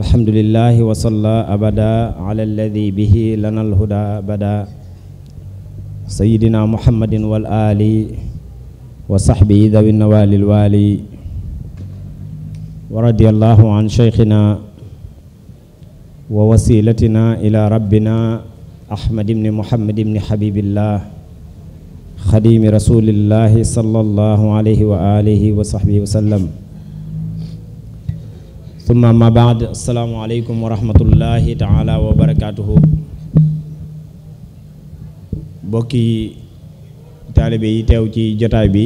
alhamdulillahi wa salla abada ala alladi bihi lana alhuda bada sayidina muhammadin wal ali wa sahbihi dawi nawali alwali wa radiyallahu an shaykhina wa wasilatina ila rabbina ahmad ibni muhammad ibni habibillah khadimi rasulillahi sallallahu alayhi wa alihi wa sahbihi wa sallam summa ma baad asalaamualeykum wa rahmatullahi taala wa barakaatuhu bokki taalibe yi teew ci jotaay bi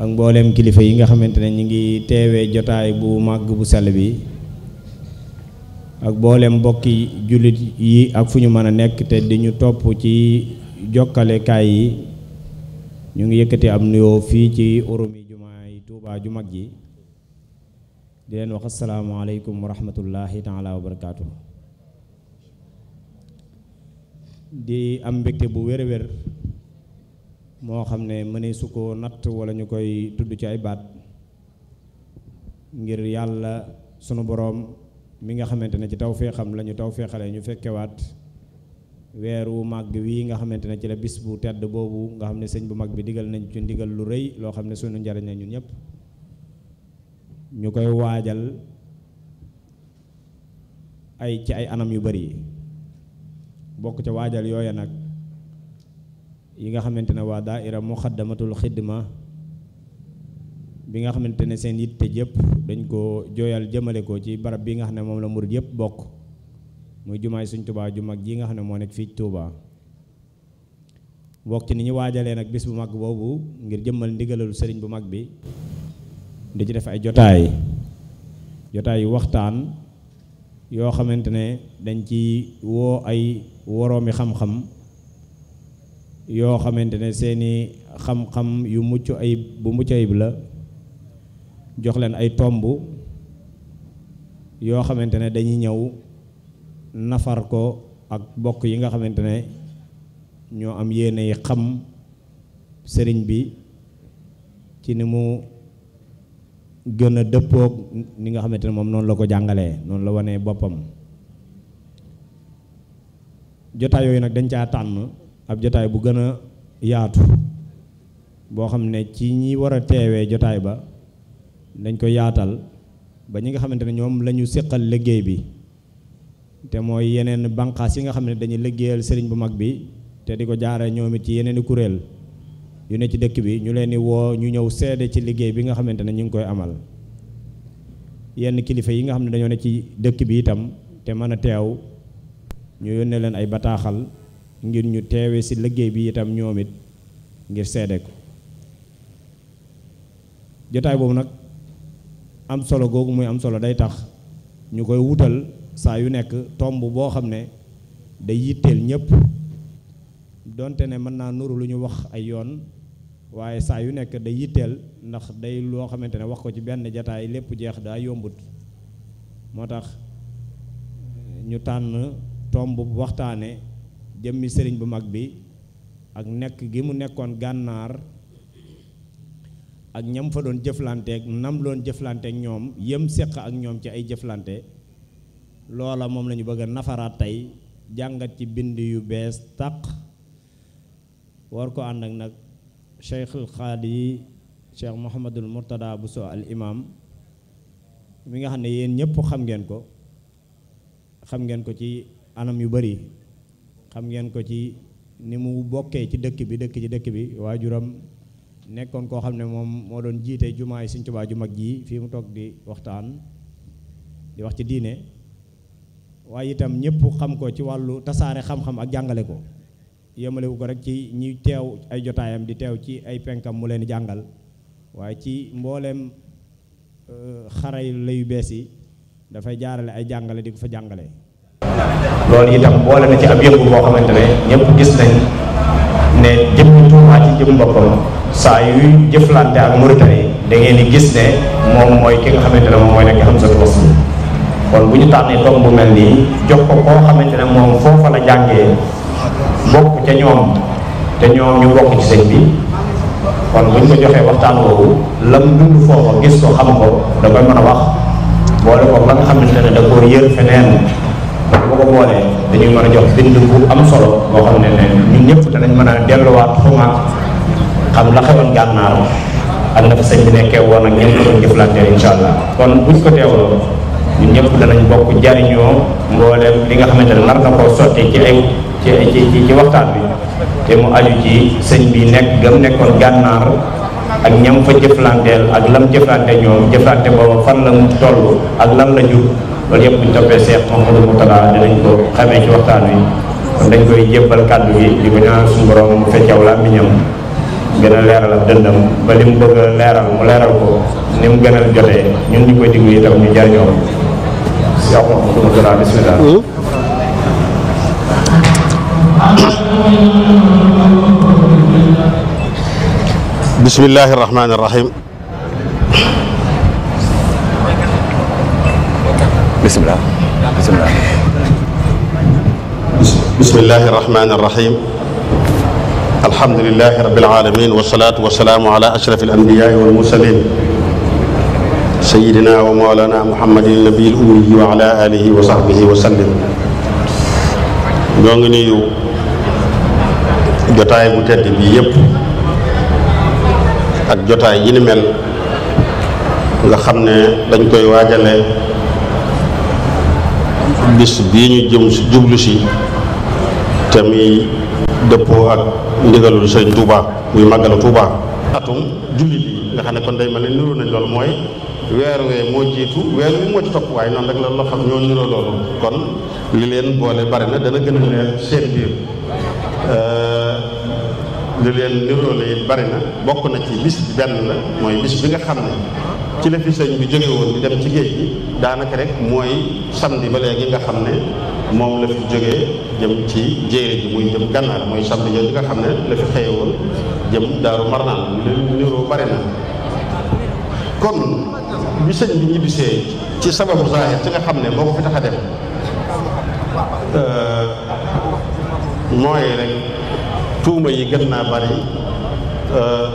ak mbooleem kilifa yi nga xamante ne ñu ngi teewee jotaay bu màgg bu sell bi ak mbooleem bokki jullit yi ak fu ñu mën a nekk te di ñu topp ci jokkalekaay yi ñu ngi yëkkati am nuyoo fii ci urumi yi Tuubaa ju mag ji di leen wax asalaamaaleykum wa rahmatullahi taala wa barakaatu. di am mbégte bu wér a moo xam ne mënee su ko natt wala ñu koy tudd ci ay baat ngir yàlla sunu boroom mi nga xamante ne ci tawféexam lañu ñu tawféexalee ñu fekkewaat weer wu màgg wii nga xamante ne ci la bis bu tedd boobu nga xam ne sëñ bu mag bi digal nañu ci ndigal lu rëy loo xam ne sunu njariñ la ñun ñëpp. ñu koy waajal ay ci ay anam yu bari bokk ca waajal yooya nag yi nga xamante ne waa daa daaira muxaddamatul xidma bi nga xamante ne seen yitte yëpp dañ ko jooyal jëmale ko ci barab bi nga xam ne moom la murid yëpp bokk muy jumaay suñ tubaa ju mag ji nga xam ne moo nekk fii Tuubaa bokk ci ni ñu waajalee nag bis bu mag boobu ngir jëmmal ndigalal sëriñ bu mag bi di ci def ay jotaay jotaay waxtaan yoo xamante ne dañ ci woo ay woroomi xam-xam yoo xamante ne seeni xam-xam yu mucc ayib bu mucc ayib la jox leen ay tomb yoo xamante ne dañuy ñëw nafar ko ak bokk yi nga xamante ne ñoo am yéene yi xam sëriñ bi ci ni mu gën a dëppoog ni nga xamante ne moom noonu la ko jàngalee noonu la wanee boppam jotaay yooyu nag dañ caa tànn ab jotaay bu gën a yaatu boo xam ne ci ñi war a teewee jotaay ba dañ ko yaatal ba ñi nga xamante ne ñoom lañu ñu séqal liggéey bi te mooy yeneen banqaas yi nga xam ne dañuy liggéeyal sëriñ bu mag bi te di ko jaare ñoom it ci yeneen i kuréel yu ne ci dëkk bi ñu leen di woo ñu ñëw seede ci liggéey bi nga xamante ne ñu ngi koy amal yenn kilifa yi nga xam ne dañoo ne ci dëkk bi itam te mën a teew ñu yónnee leen ay bataaxal ngir ñu teewee ci liggéey bi itam ñoom it ngir seede ko jotaay boobu nag am solo googu muy am solo day tax ñu koy wutal saa yu nekk tomb boo xam ne day yitteel ñépp donte ne mën naa nuru lu ñu wax ay yoon waaye saa yu nekk day yitteel ndax day loo xamante ne wax ko ci benn jataay lépp jeex daa yombut moo tax eh, ñu tànn tomb bu waxtaane jëmmi sëriñ bu mag bi ak nekk gi mu nekkoon gànnaar ak ñam fa doon jëflanteek nam doon jëflanteek ñoom yëm seq ak ñoom ci ay jëflante loola moom lañu bëgg nafaraat tey jàngat ci bind yu bees tàq war ko ànd ak nag cheikhul xaadi cheikh Mouhamadul Mourtada Bousso al imam mi nga xam ne yéen ñëpp xam ngeen ko xam ngeen ko ci anam yu bari xam ngeen ko ci ni mu bokkee ci dëkk bi dëkk ci dëkk bi waajuram nekkoon koo xam ne moom moo doon jiite jumaa yi Sëriñ Tuubaa ju mag ji fii mu togg di waxtaan di wax ci diine waaye itam ñëpp xam ko ci wàllu tasaare xam-xam ak jàngale ko yemalewu ko rek ci ñi teew ay jotaayam di teew ci ay penkam mu leen jàngal waaye ci mbooleem euh, xaray layu bees yi dafay jaarale ay jàngale di ko fa jàngale loolu itam boole na ci ab yëngu boo xamante ne ñëpp gis nañ ne jëmmi Tuubaa ci jëm boppam saa di gis ne moom mooy ki nga xamante ne moom mooy nekk xam sa ko koo xamante ne moom foofa la jàngee bokk ca ñoom te ñoom ñu bokk ci sëñ bi kon buñ ko joxee waxtaan woowu lam dund foofa gis ko xam ko da koy mën a wax boole ko la nga xamante ne da koo yër feneen bu ko boolee dañuy mën a jox bind bu am solo boo xam ne ne ñun ñëpp danañ mën a delluwaat xumaat xam la xewoon gànnaar ak na fa sëñ bi nekkee woon ak ñen ko doon jëflanteel insha allah kon buñ ko teewloo ñun ñëpp danañ bokk jariñoo mbooleem li nga xamante ne nar na koo sotti ci ay ci ci ci waxtaan bi te mu aju ci sëñ bi nekk gam nekkoon gànnaar ak ñam fa jëflanteel ak lam jëflante ñoom jëflante booba fan la mu toll ak lan la jur loolu yëpp buñ toppee Seex Mouhamadou Mourtada dinañ ko xamee ci waxtaan bi kon dañ koy jébbal kàddu gi di ko ñaan suñu borom mu feccaw làmmiñam gën a leeral ak dëndam ba li mu bëgg a leeral mu leeral ko ni mu gën a jotee ñun ñu koy diglu itam ñu jariñoo Seex Mouhamadou Mourtada bismillah bismillaahi rahmaani rahiim bismillaah bismillaah bismillaahi rahmaani rahiim alhamdulillaahi rabbil aalamiin wa salaatu wa salaamu alaa ashrafil anbiyaa'i wal mursaliin sayyidinaa wa mawlaanaa muhammadin nabiyil ummiyyi wa alaa aalihi wa sahbihi wa sallim ñoo ngi nuyu jotaay bu tedd bii yépp ak jotaay yi ni mel nga xam ne dañ koy waajale bis bii ñu jëm si jublu si te muy dëppoo ak ndigalul sëñ Touba muy màggalu Touba atum julli bi nga xam ne kon day ma ne niru nañ loolu mooy weer wee moo jiitu weer wi moo ci topp waaye noonu rek la loo xam ñoo niroo loolu kon li leen boole bari na dana gën a seen biir euh, lu leen niróole it bari na bokk na ci bis benn la mooy bis bi nga xam ne ci la fi sëñ bi jóge woon di dem ci géej gi daanaka rek mooy samedi ba léegi nga xam ne moom la fi jógee jëm ci jéeri ji muy jëm gànnaar mooy samedi yooyu nga xam ne la fi xëye woon jëm daaru marnaan lu leen niroo bari kon bi sëñ bi ñibbisee ci sababu zaahir ci nga xam ne moo ko fi tax a dem euh, mooy rek tuuma yi gën naa bari euh,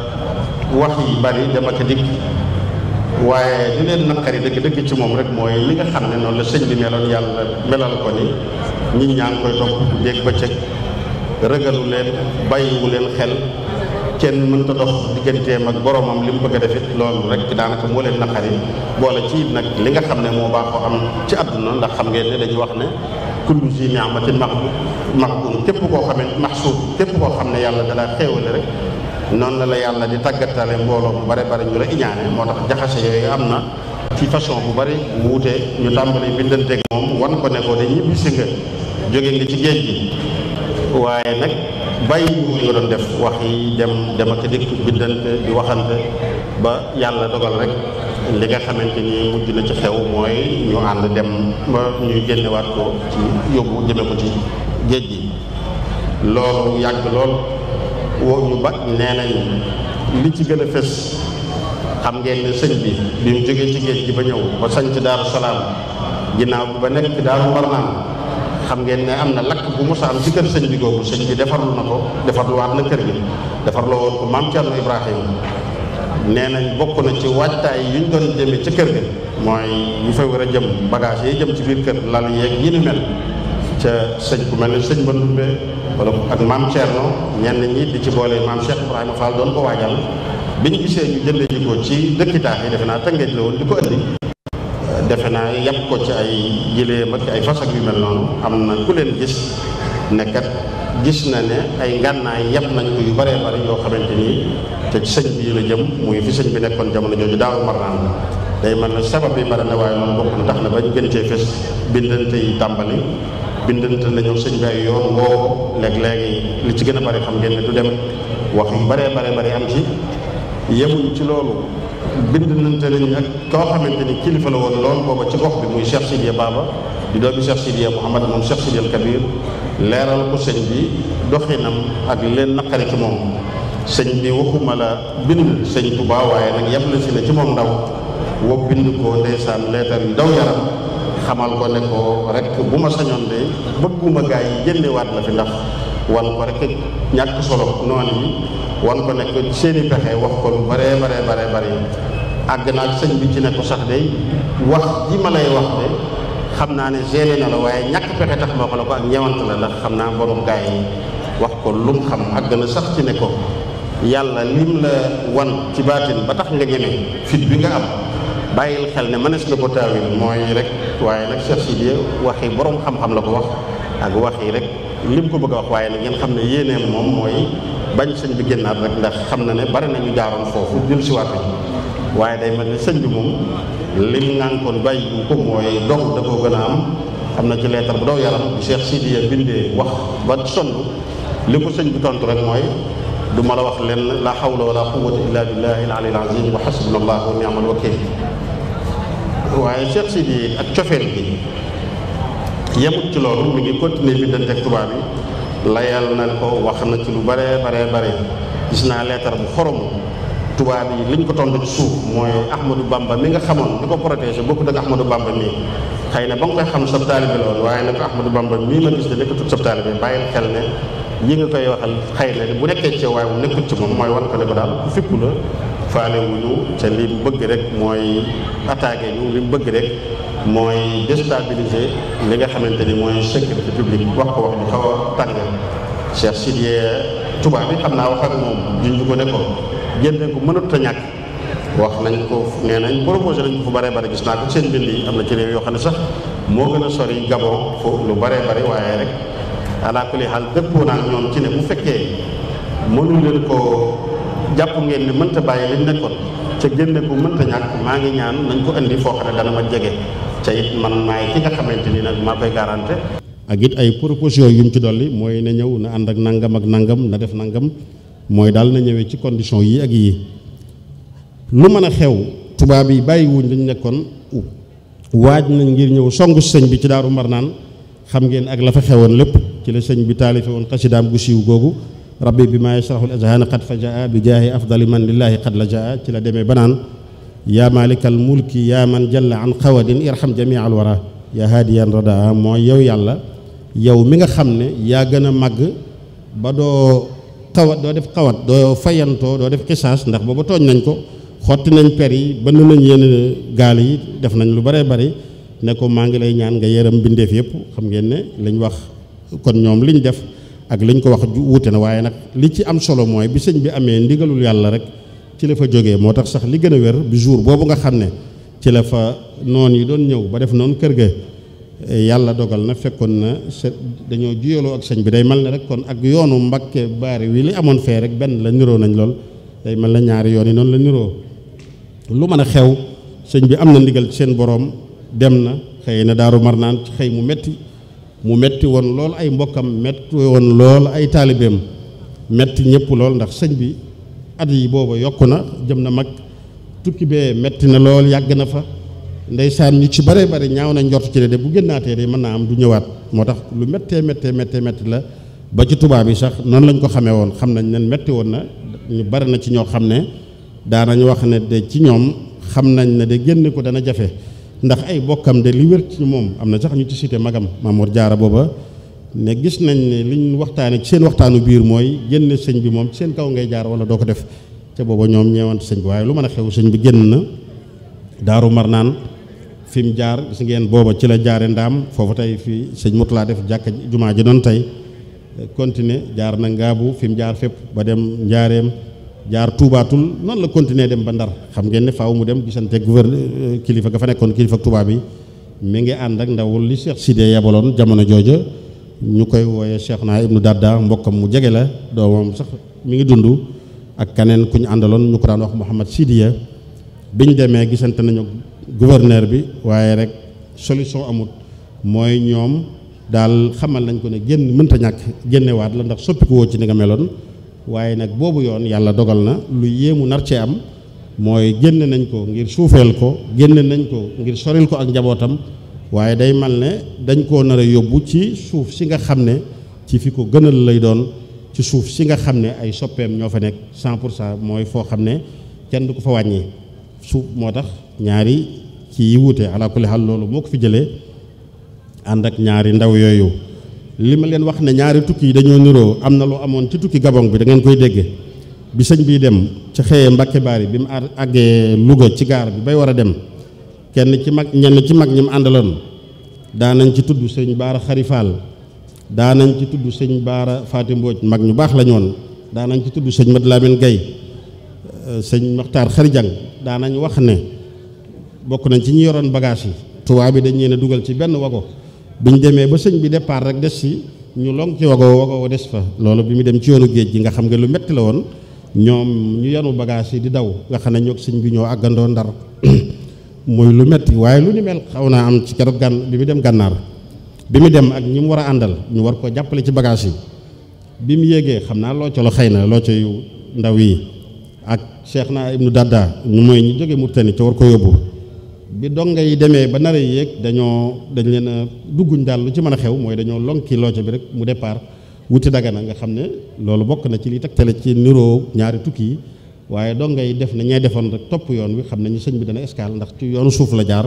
wax yi bari dama ko dikk waaye li leen naqari dëgg dëgg ci moom rek mooy li nga xam ne noonu la sëñ bi meloon yàlla melal ko ni nit ñaa ngi koy topp dégg bëccëg rëgalu leen bàyyiwu leen xel kenn mën mënta dox digganteem ak boromam li mu bëgg a def it loolu rek daanaka moo leen naqari boole ci nag li nga xam ne moo baaxoo am ci àdduna ndax xam ngeen ne wax ne kullu zi ni'matin mahmud képp koo xam ne maxsuud képp koo xam ne yàlla da laa xéewale rek noonu la la yàlla di tàggatale mbooloo mu bare bare ñu la iñaane moo tax jaxase yooyu am na ci façon bu bari bu wutee ñu tàmbali bindanteeg moom wan ko ne ko de ñibbi si nga jóge nga ci géej gi waaye nag bàyyi wu nga doon def wax yi dem dem ak dikk bindante di waxante ba yàlla dogal rek li nga xamante ni mujj na ci xew mooy ñu ànd dem ba ñuy génnewaat ko ci yóbbu jëme ko ci géej gi loolu yàgg lool woo ñu ba nee nañ li ci gën a fës xam ngeen ne sëñ bi bi mu jógee ci géej gi ba ñëw ba sañc daaru salaam ginnaaw bi ba nekk daaru marnaan xam ngeen ne am na lakk bu musa am ci kër sëñ bi googu sëñ bi defarlu na ko defarluwaat na kër gi defarloo woon ko maam Thierno Ibrahima nee nañ bokk na ci waajtaay yu ñu doon jëme ci kër ga mooy yu fa war a jëm bagage yi jëm ci biir kër lal yeeg yi mel ca sëñ ku mel ni sëñ Bandoumbe wala ak maam Thierno ñenn ñi di ci boolee maam Cheikh Ibrahima Fall doon ko waajal biñ gisee ñu jëndee ji ko ci dëkki taax yi defe naa tëngeej la woon di ko indi defe naa yàpp ko ci ay gileem ak ay fas ak yu mel noonu am na ku leen gis nekkat gis na ne ay ngànnaay yàpp nañ ko yu bëree bëri yoo xamante ni te sëñ bi la jëm muy fi sëñ bi nekkoon jamono jooju daaw marnaan day mën na sabab yi bëri na waaye moom bokk na tax na bañ gën cee fes bindante tàmbali bindante nañu sëñ bi ay yoon woo léeg-léegi ci gën a bëri xam ngeen ne du dem wax yu bëree bëree bëri am ci yemuñ ci loolu bindante nañ ak koo xamante ni kilifa la woon lool booba ci gox bi muy Cheikh Sidiya Baba di doomi Cheikh Sidiya Mouhamad moom Cheikh Sidiya al Kabir leeral ko sëñ bi doxinam ak leen naqari ci moom sëñ bi waxuma la bindul sëñ Tuubaa waaye nag yemle si la ci moom ndaw wo bind ko ndeysaan leetar yu daw yaram xamal ko ne ko rek bu ma sañoon de bëgguma gaa yi jëndewaat la fi ndax wan ko rek ñàkk solo noonu yi wan ko nekk ko seeni pexe wax ko lu bare bare bare bare àgg naa ak sëñ bi ci ne ko sax de wax ji ma lay wax de xam naa ne gêné na la waaye ñàkk pexe tax moo ko la ko ak ñewant la ndax xam naa borom gaay wax ko lum xam àgg na sax ci ne ko yàlla lim la wan ci baatin ba tax nga ñeme fit bi nga am bàyyil xel ne mënees na ko taawil mooy rek waaye nag Cheikh Sidi waxi borom xam-xam la ko wax ak waxi rek lim ko bëgg a wax waaye nag ngeen xam ne yéeneem moom mooy bañ sëñ bi génnaat rek ndax xam na ne bari nañu jaaroon foofu jël siwaat waaye day mel ni sëñ bi moom lim ngànkoon bàyyi ko mooy dong da koo gën a am am na ci leetar bu daw yaram bu Cheikh Sidiya bindee wax ko sëñ bi tontu rek mooy du ma wax lenn la hawla wala quwwata illa billahi al-aliyyil azim wa hasbunallah wa ni'mal ak cofeel bi ci loolu mi ngi continuer bindante ak tubaab bi layal na ko wax ci lu bare bare bare gis naa leetar bu xorom tubaab yi li liñ ko tontu ci suuf mooy Ahmadou Bamba mi nga xamoon di ko protégé bokkut ak Ahmadou Bamba mii xay na ba nga koy xam sab taalibe la woon waaye nag Ahmadou Bamba mii ma gis de nekkatut sab taalibe bàyyil xel ne yi nga koy waxal xëy bu nekkee ci waaye bu nekkut ci moom mooy wan ko ne ko daal fipp la faale wuñu te li mu bëgg rek mooy attaqué ñu li bëgg rek mooy déstabiliser li nga xamante ni mooy sécurité publique wax ko wax ñu xaw a tàng Cheikh Sidiye tubaab bi xam moom junj ko ne jéem bu ko mënatut a ñàkk wax nañ ko nee nañ proposé nañ ko fu baree bari gis naa ko seen bind yi am na ci réew yoo xam ne sax moo gën a sori Gabon foofu lu baree bari waaye rek alaa kulli xaal dëppoo naa ñoom ci ne bu fekkee mënu leen koo jàpp ngeen ne mënta bàyyi liñ nekkoon ca génne bu mënta ñàkk maa ngi ñaan nañ ko indi foo xam ne dana ma jege ca it man maay ki nga xamante ni nag maa koy garanté. ak it ay propositions yu mu ci dolli mooy na ñëw na ànd ak nangam ak nangam na def nangam. mooy daal na ñëwee ci condition yi ak yii lu mën a xew tubaab yi bàyyiwuñ wuñ dañ nekkoon waaj nañ ngir ñëw songu sëñ bi ci daaru marnaan xam ngeen ak la fa xewoon lépp ci la sëñ bi taalife woon xasidaam gu siiw googu rabbi bi maa yasraxul azhaana qad fa jaa bi jaahi afdali man lillaahi qad la jaa ci la demee banaan yaa maalikal mulki yaa man jalla an xawadin irham jamii al wara yaa haadiyan radaa mooy yow yàlla yow mi nga xam ne yaa gën a màgg ba doo xawat doo def xawat doo fayantoo doo def xisaas ndax boobu tooñ nañ ko xotti nañ per yi bënn nañ yenn gaal yi def nañ lu bare bari ne ko maa ngi lay ñaan nga yërëm mbindeef yëpp xam ngeen ne liñ wax kon ñoom liñ def ak liñ ko wax wuute na waaye nag li ci am solo mooy bi sëñ bi amee ndigalul yàlla rek ci la fa jógee moo tax sax li gën a wér bi jour boobu nga xam ne ci la fa noon yi doon ñëw ba def noonu kër ga yàlla dogal na fekkoon na dañoo juyaloo ak sëñ bi day mal na rek kon ak yoonu Mbàkke baare wi li amoon fee rek benn la niroo nañ lool day mel na ñaari yoon yi noonu la niroo lu mën a xew sëñ bi am na ndigal ci seen boroom dem na xëy na daaru mar naan xëy mu metti mu metti woon lool ay mbokkam metti woon lool ay taalibeem metti ñëpp lool ndax sëñ bi at yi booba yokk na jëm na mag tukki bee metti na lool yàgg na fa ndeysaan ñu ci bare bare ñaaw nañ njort ci ne de bu génnaatee de mën naa am du ñëwaat moo tax lu méttee méttee méttee métti la ba ci tubaab yi sax noonu lañ ko xamee woon xam nañ nen métti woon na ñu bare na ci ñoo xam ne daanañu wax ne de ci ñoom xam nañ ne de génn ko dana jafe ndax ay bokkam de li wér ci moom am na sax ñu ci cité magam Mamour Diarra booba ne gis nañ ne liñ waxtaanee ci seen waxtaanu biir mooy génn sëñ bi moom seen kaw ngay jaar wala doo ko def te booba ñoom ñeewante sëñ bi waaye lu mën a xew sëñ bi génn na daaru mar naan fi mu jaar si ngeen booba ci la jaare ndaam foofa tey fii sëñ Moutou laa def jàkka jumaa ji doon tey continuer jaar na ngaabu fi mu jaar fépp ba dem njaareem jaar tuubaatul noonu la continuer dem ba ndar xam ngeen ne faaw mu dem gisante gouverneur euh, kilifa ga fa nekkoon kilifa tubaab bi mi ngi ànd ak ndawul li Cheikh Sidé yabaloon jamono jooja ñu koy wooye Cheikh naa ibnu Dadda mbokkam mu jege la doomam sax mi ngi dund ak keneen ku ñu àndaloon ñu ko daan wax Mouhamad Sidiya biñ demee gisante nañu gouverneur bi waaye rek solution amut mooy ñoom daal xamal nañ ko ne génn mënta ñàkk génnewaat la ndax soppiku ci ni nga meloon waaye nag boobu yoon yàlla dogal na lu yéemu nar cee am mooy génn nañ ko ngir suufeel ko génn nañ ko ngir soril ko ak njabootam waaye day mal ne dañ koo nar yóbbu ci suuf si nga xam ne ci fi ko gënal lay doon ci suuf si nga xam ne ay soppeem ñoo fa nekk cent pour cent mooy foo xam ne kenn du ko fa wàññi suuf moo tax ñaari kii yi wuute ala kulli loolu moo ko fi jëlee ànd ak ñaari ndaw yooyu li ma leen wax ne ñaari tukki yi dañoo niroo am na lu amoon ci tukki gabon bi dangeen koy dégg bi sëñ bi dem ci xëyee Mbàkke yi bi mu àggee Louga ci gaar bi bay war a dem kenn ci mag ñenn ci mag ñi mu àndaloon daanañ ci tudd sëñ Baara Xarifaal daanañ ci tudd sëñ Baara Faati Mbooj mag ñu baax lañu woon daanañ ci tudd sëñ Mad Lamin Gay euh, sëñ Maxtaar Xarijang daanañ wax ne bokk nañ ci ñu yoroon bagage yi tubaab bi dañ leen a dugal ci benn wago ñu demee ba sëñ bi départ rek des si ñu long ci wago wago des fa loolu bi mu dem ci yoonu géej gi nga xam nga lu metti la woon ñoom ñu yanu bagage yi di daw nga xam bi ñoo àggandoo ndar muy lu metti waaye lu xaw naa am ci keroog gàn bi mu dem gànnaar bi mu dem ak ñi mu war a àndal ñu war ko jàppale ci bagage yi bi mu yéegee xam naa loo colo xëy na loo co yu ndaw yi ak Cheikh na ibnu Dadda ñu mooy ñu jóge Murtani ca war ko yóbbu bi donga yi demee ba nar a yéeg dañoo dañu leen a dugguñ daal lu ci mën a xew mooy dañoo lonki looco bi rek mu départ wuti dagana nga xam ne loolu bokk na ci li tegtale ci niroo ñaari tukki yi waaye donga yi def na ñee defoon rek topp yoon wi xam ne ñu sëñ bi dana escale ndax ci yoonu suuf la jaar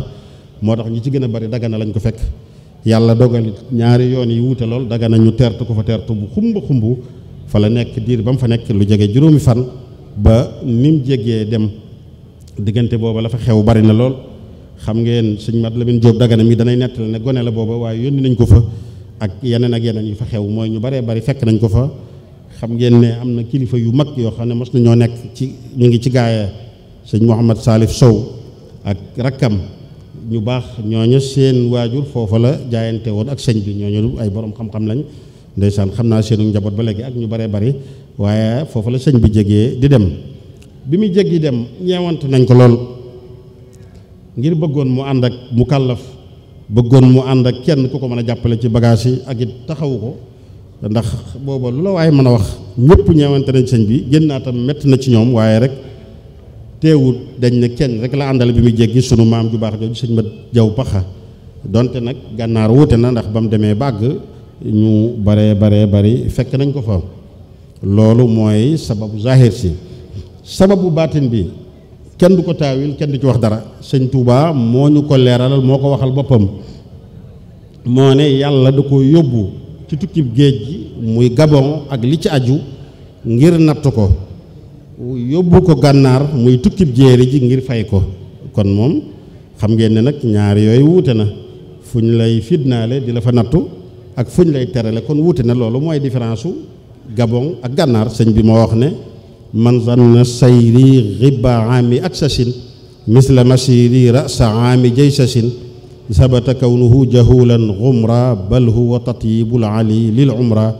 moo tax ñi ci gën a bari dagana lañ ko fekk yàlla dogal ñaari yoon yi wuute lool dagana ñu teertu ko fa teertu bu xumb xumb fa la nekk diir ba mu fa nekk lu jege juróomi fan ba nim jegee dem diggante booba la xew bari na lool xam ngeen sëñ Mat Lamin Jóob Dagana mi danay nettali ne gone la booba waaye yónni nañ ko fa ak yeneen ak yeneen yi fa xew mooy ñu baree bari fekk nañ ko fa xam ngeen ne am na kilifa yu mag yoo xam ne mos nañoo nekk ci ñu ngi ci gaaya sëñ Mouhamad Salif Sow ak rakkam ñu baax ñooñu seen waajur foofa la jaayante woon ak sëñ bi ñooñu ay boroom xam-xam lañ ndeysaan xam naa seen njaboot ba léegi ak ñu baree bari waaye foofa la sëñ bi jegee di dem bi muy ngir bëggoon mu ànd ak mu kàllaf bëggoon mu ànd ak kenn ku ko mën a jàppale ci bagaas yi ak it taxawu ko ndax booba lu la waaye mën a wax ñëpp ñeewante nañ sëñ bi génn génnaatam métti na ci ñoom waaye rek teewut dañ ne kenn rek la àndal bi mu jéggi sunu maam ju baax jooju sëñ ma jaw paxa donte nag gànnaar wuute na ndax ba mu demee bàgg ñu baree baree bari fekk nañ ko fa loolu mooy sababu zahir si sababu baatin bi kenn du ko taawil kenn du ci wax dara sëñ Touba moo ñu ko leeralal moo ko waxal boppam moo ne yàlla du ko yóbbu ci tukkib géej gi muy Gabon ak li ci aju ngir nattu ko yóbbu ko gànnaar muy tukkib jéeri ji ngir fay ko kon moom xam ngeen ne nag ñaar yooyu wuute na fu ñu lay fitnaale di la fa nattu ak fu ñu lay terale kon wuute na loolu mooy différence su Gabon ak gànnaar sëñ bi moo wax ne man zanna sayri ghibba aami atsasin misla masiri rasa aami jaysasin sabata kawnuhu jahulan ghumra bal huwa tatyibul ali lil umra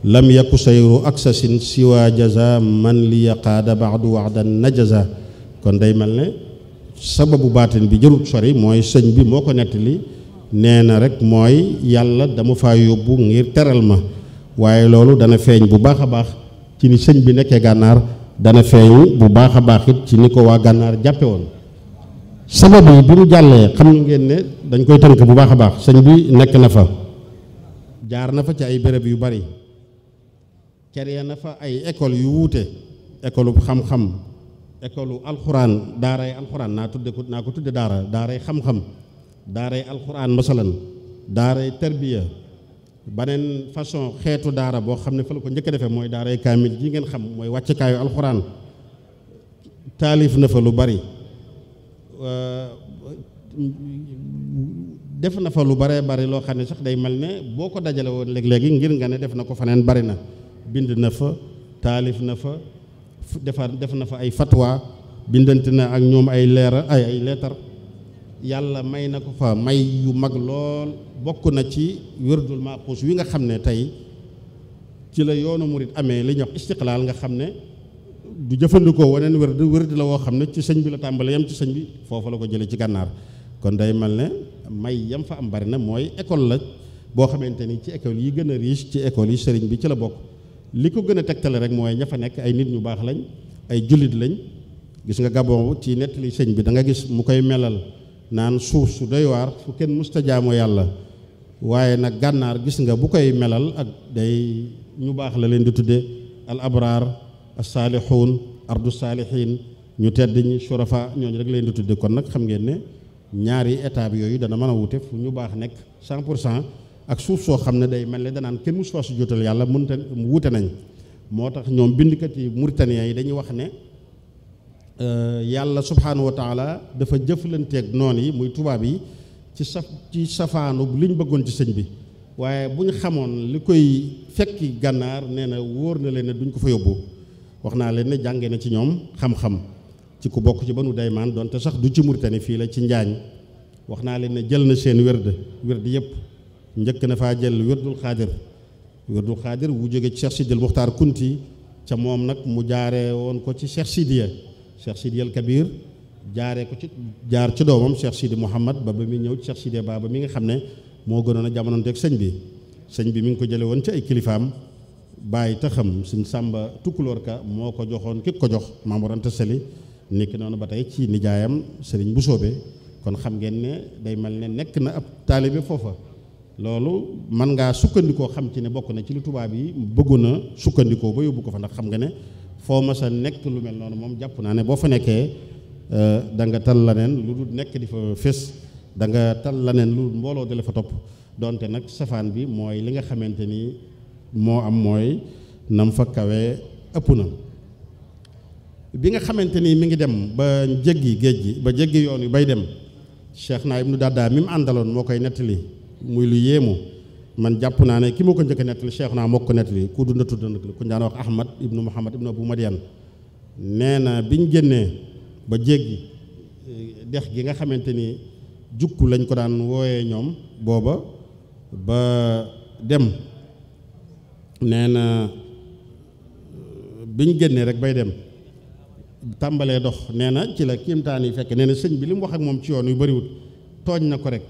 lam yaku sayru aksasin siwa jaza man li yaqaada baadu waxdan najaza kon day mel ne sababu baatin bi jërut sori mooy sëñ bi moo ko nettali nee na rek mooy yàlla dama faa yóbbu ngir teral ma waaye loolu dana feeñ bu baax a baax ci ni sëñ bi nekkee gànnaar dana feeñ bu baax a baax it ci ni ko waa gànnaar jàppe woon sabab yi bi mu jàllee xam ngeen ne dañ koy tënk bu baax a baax sëñ bi nekk na fa jaar na fa ci ay béréb yu bari créé na fa ay école yu wuute école bu xam-xam école u alxuraan daaray alxuraan naa tudde ko naa ko tudde daara daaray xam-xam daaray alxuraan masalan daaray tarbiya beneen façon xeetu daara boo xam ne fa la ko njëkk a defee mooy daaray kaamil ji ngeen xam mooy wàccukaayu alxuraan taalif na fa lu bari euh, def na fa lu baree bari loo xam ne sax day mel ne boo ko dajale woon léeg-léegi ngir nga ne def na ko faneen bari na bind na fa taalif na fa defar def na fa ay fatwa bindante na ak ñoom ay leera ay ay leetar yàlla may na ko fa may yu mag lool bokk na ci wérdul maaxuus wi nga xam ne tey ci la yoonu murit amee li ñuy wax istiqlaal nga xam ne du jëfandikoo waneen wérd wérd la woo xam ne ci sëñ bi la tàmbali yam ci sëñ bi foofu la ko jëlee ci gànnaar kon day mel ne may yam fa am bari na mooy école la boo xamante ni ci école yi gën a riche ci école yi sëriñ bi ci la bokk li ko gën a tegtale rek mooy ña fa nekk ay nit ñu baax lañ ay jullit lañ gis nga gabon ci nettali sëñ bi da nga gis mu koy melal naan suuf su doy fu kenn musta jaamoo yàlla waaye nag gànnaar gis nga bu koy melal ak day ñu baax la leen di tudde al abraar as saalixuun ardu saalixiin ñu tedd ñi surafa ñooñu rek leen di tudde kon nag xam ngeen ne ñaari étape yooyu dana mën a wute fu ñu baax nekk 100 pour cent ak suuf soo xam ne day mel ne danaan kenn mosu fa su jotal yàlla mënta wute nañ moo tax ñoom bindkat yi Mauritaniens yi dañu wax ne euh, yàlla subhaanahu wa taala dafa jëflanteeg noon yi muy tubaab yi ci sa ci safaanu liñ bëggoon ci sëñ bi waaye bu ñu xamoon li koy fekki gànnaar nee na wóor na leen ne duñ ko fa yóbbu wax naa leen ne jàngee na ci ñoom xam-xam ci ku bokk ci banu daymaan donte sax du ci Mauritanie fii la ci Njaañ wax naa leen ne jël na seen werd wérd yëpp njëkk na faa jël wérdul xaadir wérdul xaadir wu jóge ci Cheikh Sidil Muxtaar Kunti ca moom nag mu jaare woon ko ci Cheikh Sidiya Cheikh Sidiyal Kabir jaaree ko ci jaar ci doomam Cheikh Sidi Mouhamad ba ba muy ñëw Cheikh Sidi Baba mi nga xam ne moo gënoon a jamonoonteeg sëñ bi sëñ bi mi ngi ko jële woon ci ay kilifaam bàyyi taxam suñ sàmba tukkuloor ka moo ko joxoon képp ko jox Mamour seli Sali nekk noonu ba tey ci nijaayam sëriñ bu soobee kon xam ngeen ne day mel ne nekk na ab taalibe foofa loolu man ngaa sukkandikoo xam ci ne bokk na ci lu tubaab yi bëggoon a sukkandikoo ba yóbbu ko fa ndax xam nga ne foo ma nekk lu mel noonu moom jàpp naa ne boo fa nekkee Euh, da nga tal laneen lu dul nekk di fa fés da nga tal laneen lu dul mbooloo di la fa topp donte nag safaan bi mooy li nga xamante ni moo am mooy nam fa kawe ëpp na bi nga xamante ni mi ngi dem ba jéggi géej gi ba jéggi yoon yu bay dem Cheikh naa ibnu Dada mi mu àndaloon moo koy nettali muy lu yéemu man jàpp naa ne ki moo ko njëkk a nettali Cheikh naa moo ko nettali ku dunda tudd nag ku ñu daan wax Ahmad ibnu Muhammad ibnu Abu Madian nee na biñ génnee ba jéggi eh, dex gi nga xamante ni jukk lañ ko daan wooyee ñoom booba ba dem nee na biñ génnee rek bay dem tàmbalee dox nee na ci la kiimtaan yi fekk nee na sëñ bi li mu wax ak moom ci yoon yu bariwut tooñ na ko rek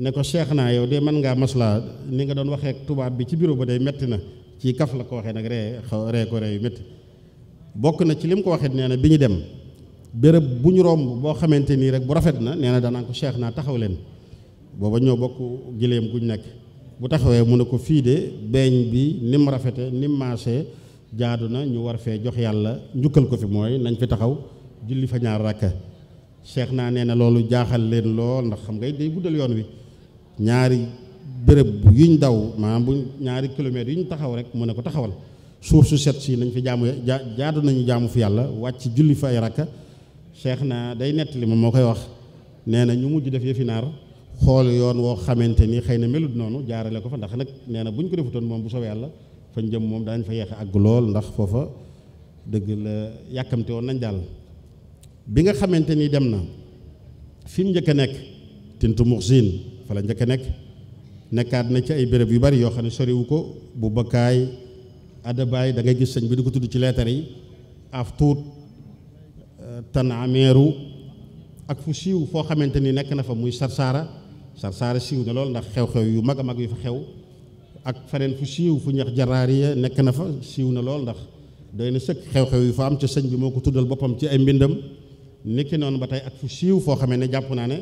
ne ko seex naa yow de mën ngaa maslaa ni nga doon waxee tubaab bi ci bureau ba day metti na ci kaf la ko waxee nag ree ko ree yu metti bokk na ci lim ko waxee nee na bi ñu dem béréb bu ñu romb boo xamante nii rek bu rafet na nee na danaan ko cheikh naa taxaw leen booba ñoo bokk giléem ñu nekk bu taxawee mu ne ko fii de beeñ bi ni mu rafete ni mu maasee jaadu na ñu war fee jox yàlla njukkal ko fi mooy nañ fi taxaw julli fa ñaar rakka cheikh naa nee na loolu jaaxal leen lool ndax xam ngay day guddal yoon wi ñaari béréb yuñ daw maanaam bu ñaari kilomètres yuñ taxaw rek mu ne ko taxawal suuf su set si nañ fi jaamu jaadu nañu jaamu fi yàlla wàcc julli fay ay rakka cheikh naa day nettali ma moo koy wax nee na ñu mujj def yëfi naar xool yoon woo xamante ni xëy na melut noonu jaarale ko fa ndax nag nee na bu ko defutoon moom bu soobee yàlla fañ jëm moom daañ fa yeex àgg lool ndax foofa dëgg yàkkamte woon nañ daal bi nga xamante ni dem na fi njëkk a nekk tintu muxsin fa njëkk a nekk nekkaat na ci ay béréb yu bari yoo xam ne soriwu ko bu bakkaay adabaay da ngay gis sëñ bi di ko tudd ci leetar yi af tuut tanameeru ak fu siiw foo xamante ni nekk na fa muy sarsaara sarsaara siiw na lool ndax xew-xew yu mag a mag yu fa xew ak feneen fu siiw fu ñax jaraariya nekk na fa siiw na lool ndax doy na sëkk xew-xew yu fa am ca sëñ bi moo ko tuddal boppam ci ay mbindam nekki noonu ba tey ak fu siiw foo xamee ne jàpp naa ne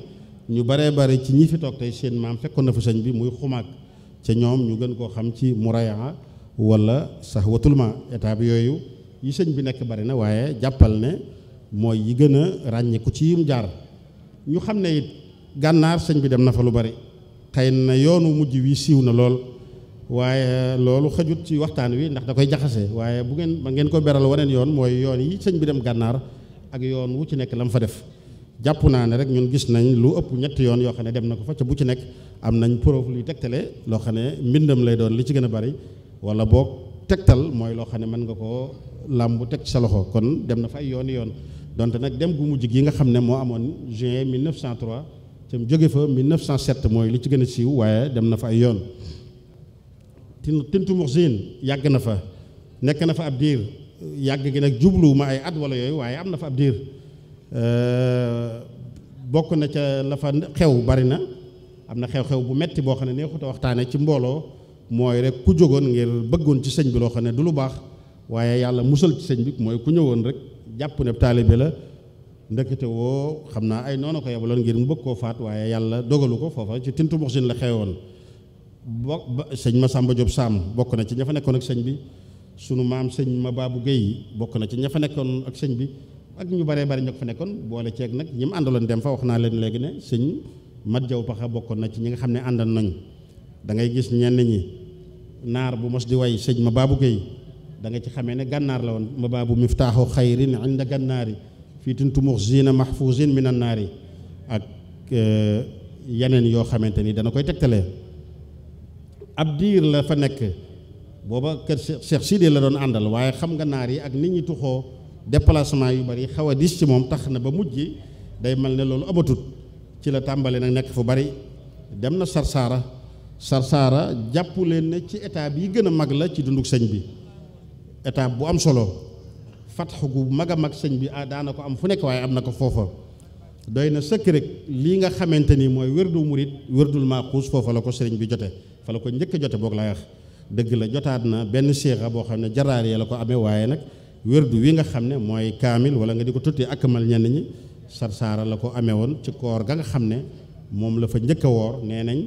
ñu baree bare ci ñi fi toog tey seen maam fekkoon na fa sëñ bi muy xumaag ca ñoom ñu gën koo xam ci muraya wala sax watul ma état yooyu yi mooy yi gën a ràññeeku ci yim jaar ñu xam ne it gànnaar sëñ bi dem na fa lu bari xëy na yoonu mujj wi siiw na lool waaye loolu xëjut ci waxtaan wi ndax da koy jaxase waaye bu ngeen ba ngeen ko beral waneen yoon mooy yoon yi sëñ bi dem gànnaar ak yoon wu ci nekk la fa def jàpp naa ne rek ñun gis nañ lu ëpp ñett yoon yoo xam ne dem na ko fa ca bu ci nekk am nañ preuve luy tegtale loo xam ne mbindam lay doon li ci gën a bari wala boog tegtal mooy loo xam ne mën nga koo làmbu teg ci sa loxo kon dem na fa ay yoon yoon donte nag dem gu mujj gi nga xam ne moo amoon juin 1903 te mu jóge fa 1907 mooy li ci gën a siiw waaye dem na fa ay yoon. Tintu Muxsin yàgg na fa nekk na fa ab diir yàgg gi nag jubluwuma ay at wala yooyu waaye am na fa ab diir bokk na ca la fa xew bari na am na xew-xew bu metti boo xam ne neexut a waxtaane ci mbooloo mooy rek ku jógoon ngir bëggoon ci sëñ bi loo xam ne du lu baax waaye yàlla musal ci sëñ bi mooy ku ñëwoon rek. jàpp ne taalibe la ndekete woo xam naa ay noonu ko yebaloon ngir mu bëgg koo faat waaye yàlla dogalu ko foofa ci tintu moxsin la xewoon bo sëñ Masamba Diop Sam bokk na ci ña fa nekkoon ak sëñ bi sunu maam sëñ ma baabu Guèye bokk na ci ña nekkoon ak sëñ bi ak ñu baree bari ñoo fa nekkoon boole ceeg nag ñi mu àndaloon dem fa wax naa leen léegi ne sëñ Mat Jaw Paxa bokkoon na ci ñi nga xam ne àndal nañu dangay gis ñenn ñi naar bu mos di way sëñ ma baabu Guèye da nga ci xamee ne gànnaar la woon ma baabu miftaaxu xayrin inda gànnaari fii tuntu muxzina mahfuzin min annaari ak eh, yeneen yoo xamante ni dana koy tegtalee ab diir la fa nekk booba kër Cheikh Sidi la doon àndal waaye xam nga naar yi ak nit ñi tuxoo déplacement yu bari xaw a dis ci moom tax na ba mujj day mel ne loolu amatut ci la tàmbali nag nekk fu bari dem na Sarsara Sarsara jàpp leen ne ci état bi gën a mag la ci dunduk sëñ bi étape bu am solo fatx gu mag a mag sëñ bi ah, daana ko am fu nekk waaye am na ko foofa doy na sëkk lii nga xamante ni mooy wërdu murit wërdul maaxuus foofa la ko sëriñ bi jote fa la ko njëkk jote boog laa wax dëgg la jotaat na benn séexa boo xam ne jaraar ya la ko amee waaye nag wërdu wi nga xam ne mooy kaamil wala nga di ko tutti akmal ñenn ñi sarsaara la ko amee woon ci koor ga xam ne moom la fa njëkk a woor nee nañ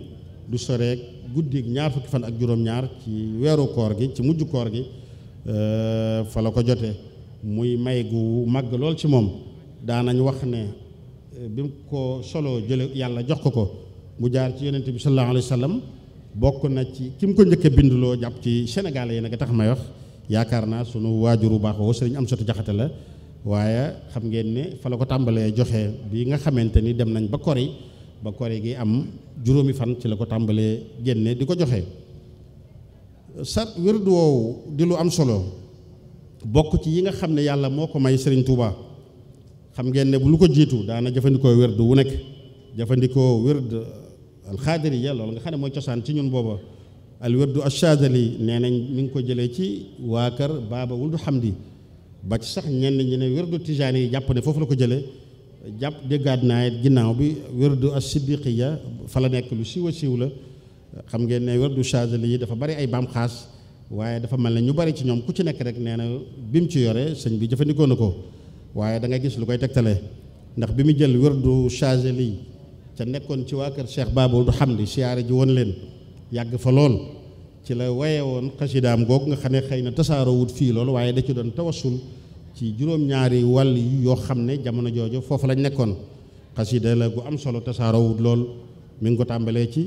du soreek guddi ñaar fukki fan ak juróom-ñaar ci weeru koor gi ci mujj koor gi Euh, fa la ko jote muy may gu màgg lool ci moom daanañ wax ne euh, bi mu ko solo jële yàlla jox ko ko mu jaar ci yonent bi sallallahu alayhi wa sallam bokk na ci ki mu ko njëkke binduloo jàpp ci Sénégal yi nag tax may wax yaakaar naa sunu waajuru baax woo sëriñ am sotu jaxate la waaye xam ngeen ne fa la ko tàmbalee joxe bi nga xamante ni dem nañ ba kori ba kori gi am juróomi fan ci la ko tàmbalee génne di ko joxe sat wérdu woowu di lu am solo bokk ci yi nga xam ne yàlla moo ko may Serigne Touba xam ngeen ne bu lu ko jiitu daana jëfandikoo wérdu wu nekk jëfandikoo wérdu alxaadiriya loolu nga xam ne mooy cosaan ci ñun booba al wérdu achadali nee nañ mi ngi ko jëlee ci waa kër baaba wul wuldu xamdi ba ci sax ñenn ñi ne wérdu tijaani yi jàpp ne foofu la ko jëlee jàpp déggaat naa ginnaaw bi wérdu asidiqiya fa la nekk lu siiw a siiw la xam ngeen ne wérdu Chazali yi dafa bari ay baam xaas waaye dafa mel ne ñu bari ci ñoom ku ci nekk rek nee na bi mu ci yore sëñ bi jëfandikoo na ko waaye da nga gis lu koy tegtale ndax bi mu jël wérdu Chazali yi ca nekkoon ci waa kër Cheikh Babou du xam di siyaare ji woon leen yàgg fa lool ci la waye woon xasidaam googu nga xam ne xëy na tasaaroo wut fii lool waaye da ci doon tawassul ci juróom-ñaari wàll yoo xam ne jamono jooju foofu lañ nekkoon xasida la gu am solo tasaaroo lool mi ngi ko tàmbalee ci.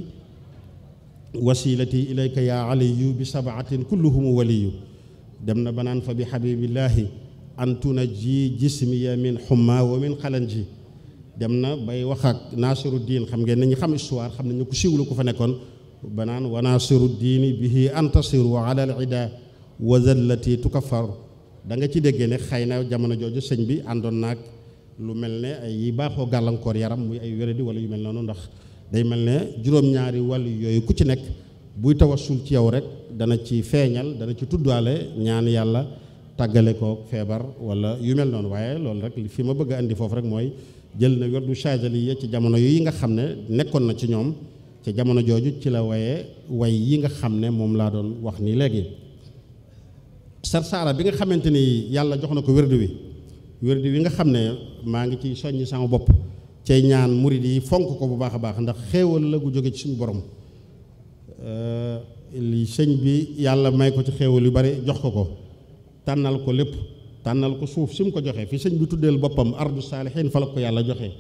wasilati ilayka yaa aliyu bi sabaatin kulluhumu waliyu dem na banaan fa bi xabibillaahi an ji jismiya min xumma wa min xalanji dem na bay wax ak naasiru diin xam ngeen nañu xam histoire xam ñu ku siiwlu ku fa nekkoon banaan wa naasiru diini bihi antasiru wa ala al ida wa zallati tukaffar da nga ci déggee ne xëy na jamono jooju sëñ bi àndoon naag lu mel ne ay yi baaxoo gàllankoor yaram muy ay wéradi wala yu mel noonu ndax day mel ne juróom-ñaari wàll yooyu ku ci nekk buy tawasul ci yow rek dana ci feeñal dana ci tuddaale ñaan yàlla tàggale ko feebar wala yu mel noonu waaye loolu rek fi ma bëgg a indi foofu rek mooy jël na werdu Chazali ya ci jamono yi nga xam ne nekkoon na ci ñoom ci jamono jooju ci la waye way yi nga xam ne moom laa doon wax nii léegi sarsaara bi nga xamante ni yàlla jox na ko werdu wi werdu wi nga xam ne maa ngi ci soññi sama bopp cay ñaan murid yi fonk ko bu baax a baax ndax xéewal la gu jóge ci suñu borom euh, li sëñ bi yàlla may ko ci xéewal yu bari jox ko ko tànnal ko lépp tànnal ko suuf si mu ko joxee fi sëñ bi tuddeel boppam ardu saalihin fa la ko yàlla joxe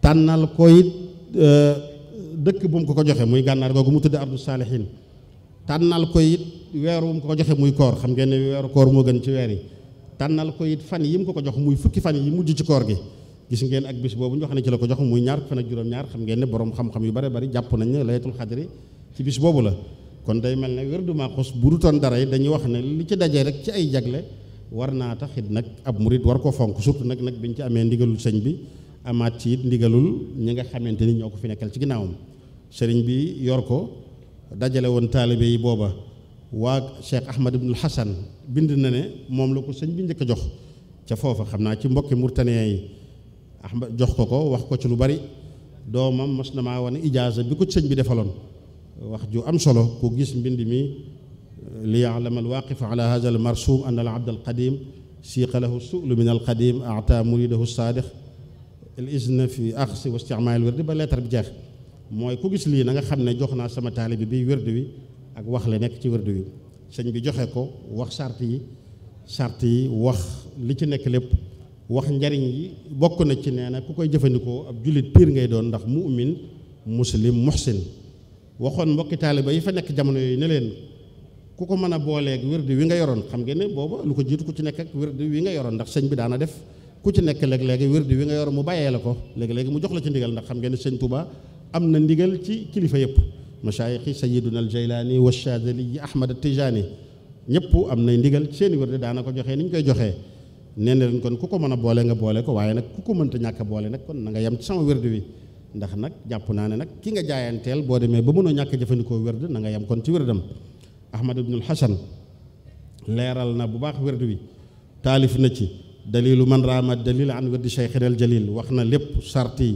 tànnal ko it euh, dëkk bu mu ko ko joxe muy gànnaar googu mu tudde ardu saalihin tànnal ko it weer wu mu ko ko joxe muy koor xam ngeen ne weeru koor moo gën ci weer yi tànnal ko it fan yi mu ko ko jox muy fukki fan yi mujj ci koor gi gis ngeen ak bis boobu ñu wax ne ci la ko jox muy ñaar fan ak juróom-ñaar xam ngeen ne borom xam-xam yu bare bari jàpp nañ ne laytul xadri ci bis boobu la kon day mel ne wér du maaxus bu du toon dara yi dañuy wax ne li ci dajee rek ci ay jagle war naa tax it nag ab murit war koo fonk surtout nag nag bi ñu ci amee ndigalul sëñ bi amaat ci it ndigalul ñi nga xamante ni ñoo ko fi nekkal ci ginnaawam sëriñ bi yor ko dajale woon taalibe yi booba waa Cheikh Ahmad ibnul bind na ne moom la ko sëñ bi njëkk a jox ca foofa xam naa ci mbokki murtaniyee yi Ahmad jox ko ko wax ko ci lu bari doomam mas na maa wane ijaaza bi ko ci sëñ bi defaloon wax ju am solo ku gis mbind mi li yaalama alwaqif ala hada almarsum an al abd alqadim siiqa lahu su'lu min alqadim ata muridahu saadiq al izna fi axsi wa isticmaal al ba leetar bi jeex mooy ku gis lii na nga xam ne jox naa sama taalibi bi wérdi wi ak wax la nekk ci wérdi wi sëñ bi joxe ko wax sart yi sart yi wax li ci nekk lépp wax njariñ yi bokk na ci nee na ku koy jëfandikoo ab jullit piir ngay doon ndax mu'min muslim muhsin waxoon mbokki taaliba yi fa nekk jamono yooyu ne leen ku ko mën a booleeg wirdi wi nga yoroon xam ngeen ne booba lu ko jiitu ku ci nekk ak wirdi wi nga yoroon ndax sëñ bi daana def ku ci nekk léeg-léegi wirdi wi nga yor mu bàyyee la ko léegi-léegi mu jox la ci ndigal ndax xam ngeen ne sëñ am na ndigal ci kilifa yëpp machaayixi sayiduna al jaylani wa shadili ahmad tijani ñëpp am nay ndigal seen wër daana ko joxee ni ñu koy joxee nee na kon ku ko mën a boole nga boole ko waaye nag ku ko mënta ñàkk boole nag kon na nga yem ci sama wérdu wi ndax nag jàpp naa ne nag ki nga jaayanteel boo demee ba mënoo ñàkk jëfandikoo wérd na nga yem kon ci wérdam ahmad ibnul hasan leeral na bu baax wérdu wi taalif na ci dalilu man raama dalil an wérdi cheikhin al jalil wax na lépp sart yi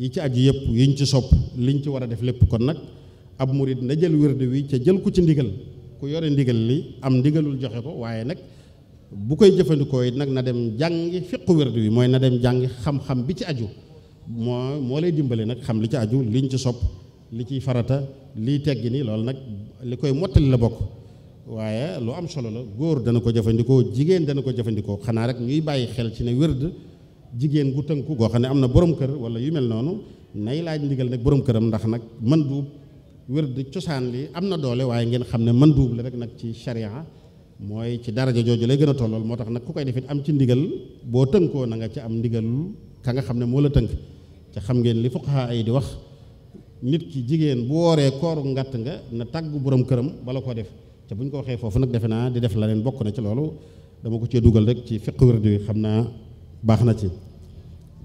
yi ci aju yëpp yiñ ci sopp liñ ci war a def lépp kon nag ab murid na jël wérdu wi ca jël ku ci ndigal ku yore ndigal li am ndigalul joxe ko waaye nag bu koy jëfandikoo it nag na dem jàngi fiqu wérdu bi mooy na dem jàngi xam-xam bi ci aju moo moo lay dimbali nag xam li ci aju liñ ci sopp li ciy farata lii tegg ni loolu nag li koy mottali la bokk waaye lu am solo la góor dana ko jëfandikoo jigéen dana ko jëfandikoo xanaa rek ñuy bàyyi xel ci ne wérd jigéen bu tënku goo xam ne am na borom kër wala yu mel noonu nay laaj ndigal nag boroom këram ndax nag man duub wérd cosaan li am na doole waaye ngeen xam ne mën duub la rek nag ci sharia mooy ci daraja jooju lay gën a tollool moo tax nag ku koy def it am ci ndigal boo tënkoo na nga ci am ndigal ka nga xam ne moo la tënk ca xam ngeen li fuqaha ay di wax nit ki jigéen bu wooree kooru ngatt nga na tàggu borom këram bala koo def te buñ ko waxee foofu nag defe naa di def la leen bokk na ci loolu dama ko cee dugal rek ci fiq wérdu yi xam naa baax na ci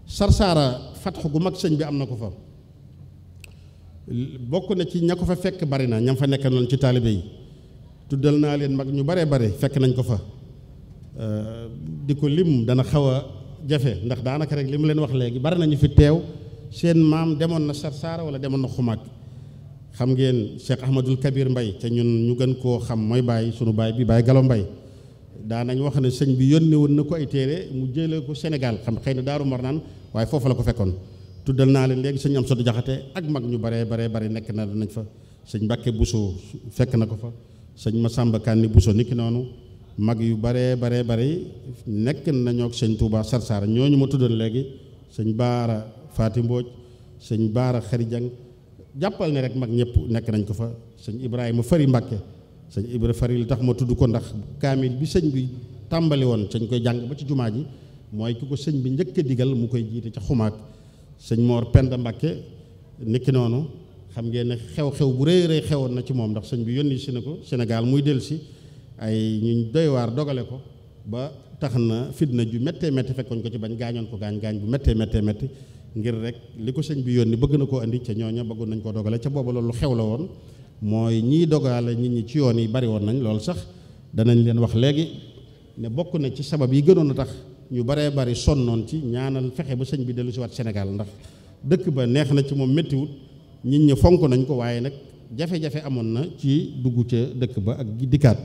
sarsaara fatx gu mag sëñ bi am na ko fa bokk na ci ña ko fa fekk bari na ñam fa nekk noonu ci taalibe yi tuddal naa leen mag ñu bare bare fekk nañ ko fa euh, di ko lim dana xaw a jafe ndax daanaka rek li mu leen wax léegi bari nañu fi teew seen maam demoon na Sarsara wala demoon na xumaag xam ngeen Cheikh Ahmadul Kabir Mbay te ñun ñu gën koo xam mooy bàyyi sunu baay bi Baay Galo Mbay daa nañ wax ne sëñ bi yónne woon na ko téere mu jëlee ko Sénégal xam xëy na Daaru Marnaan waaye foofu la ko fekkoon tuddal naa leen léegi sëñ am sotu jaxate ak mag ñu baree baree bari nekk na nañ fa sëñ Mbàkke Buso fekk na ko fa sëñ Masamba Kanni Bousso niki noonu mag yu baree baree bari nekk nañoo ak sëñ Touba Sarsara ñooñu ma tuddoon léegi sëñ Baara Faati Mbooj sëñ Baara Xarijang jàppal ne rek mag ñëpp nekk nañ ko fa sëñ Ibrahima Fari Mbàkke sëñ ibra Fari li tax ma tudd ko ndax kaamil bi sëñ bi tàmbali woon sëñ koy jàng ba ci jumaa ji mooy ki ko sëñ bi njëkk a digal mu koy jiite ca xumaak sëñ Moor Penda Mbàkke niki noonu xam ngeen ne xew-xew bu rëy rëy xewoon na ci moom ndax sëñ bi yónni si na ko Sénégal muy dellu si ay ñu doy waar dogale ko ba tax na fitna ju méttee métti fekkoon ko ci bañ gaañoon ko gaañ gaañ bu méttee méttee métti ngir rek li ko sëñ bi yónni bëgg na koo andi ca ñooña bëggoon nañ koo dogale ca booba loolu xew woon mooy ñiy dogale nit ñi ci yoon yi bari woon nañ loolu sax danañ leen wax léegi ne bokk na ci sabab yi gënoon a tax ñu baree bari sonnoon ci ñaanal fexe ba sëñ bi dellu si Sénégal ndax dëkk ba neex na ci moom méttiwut nit ñi fonk nañ ko waaye nag jafe-jafe amoon na ci dugg ca dëkk ba ak dikkaat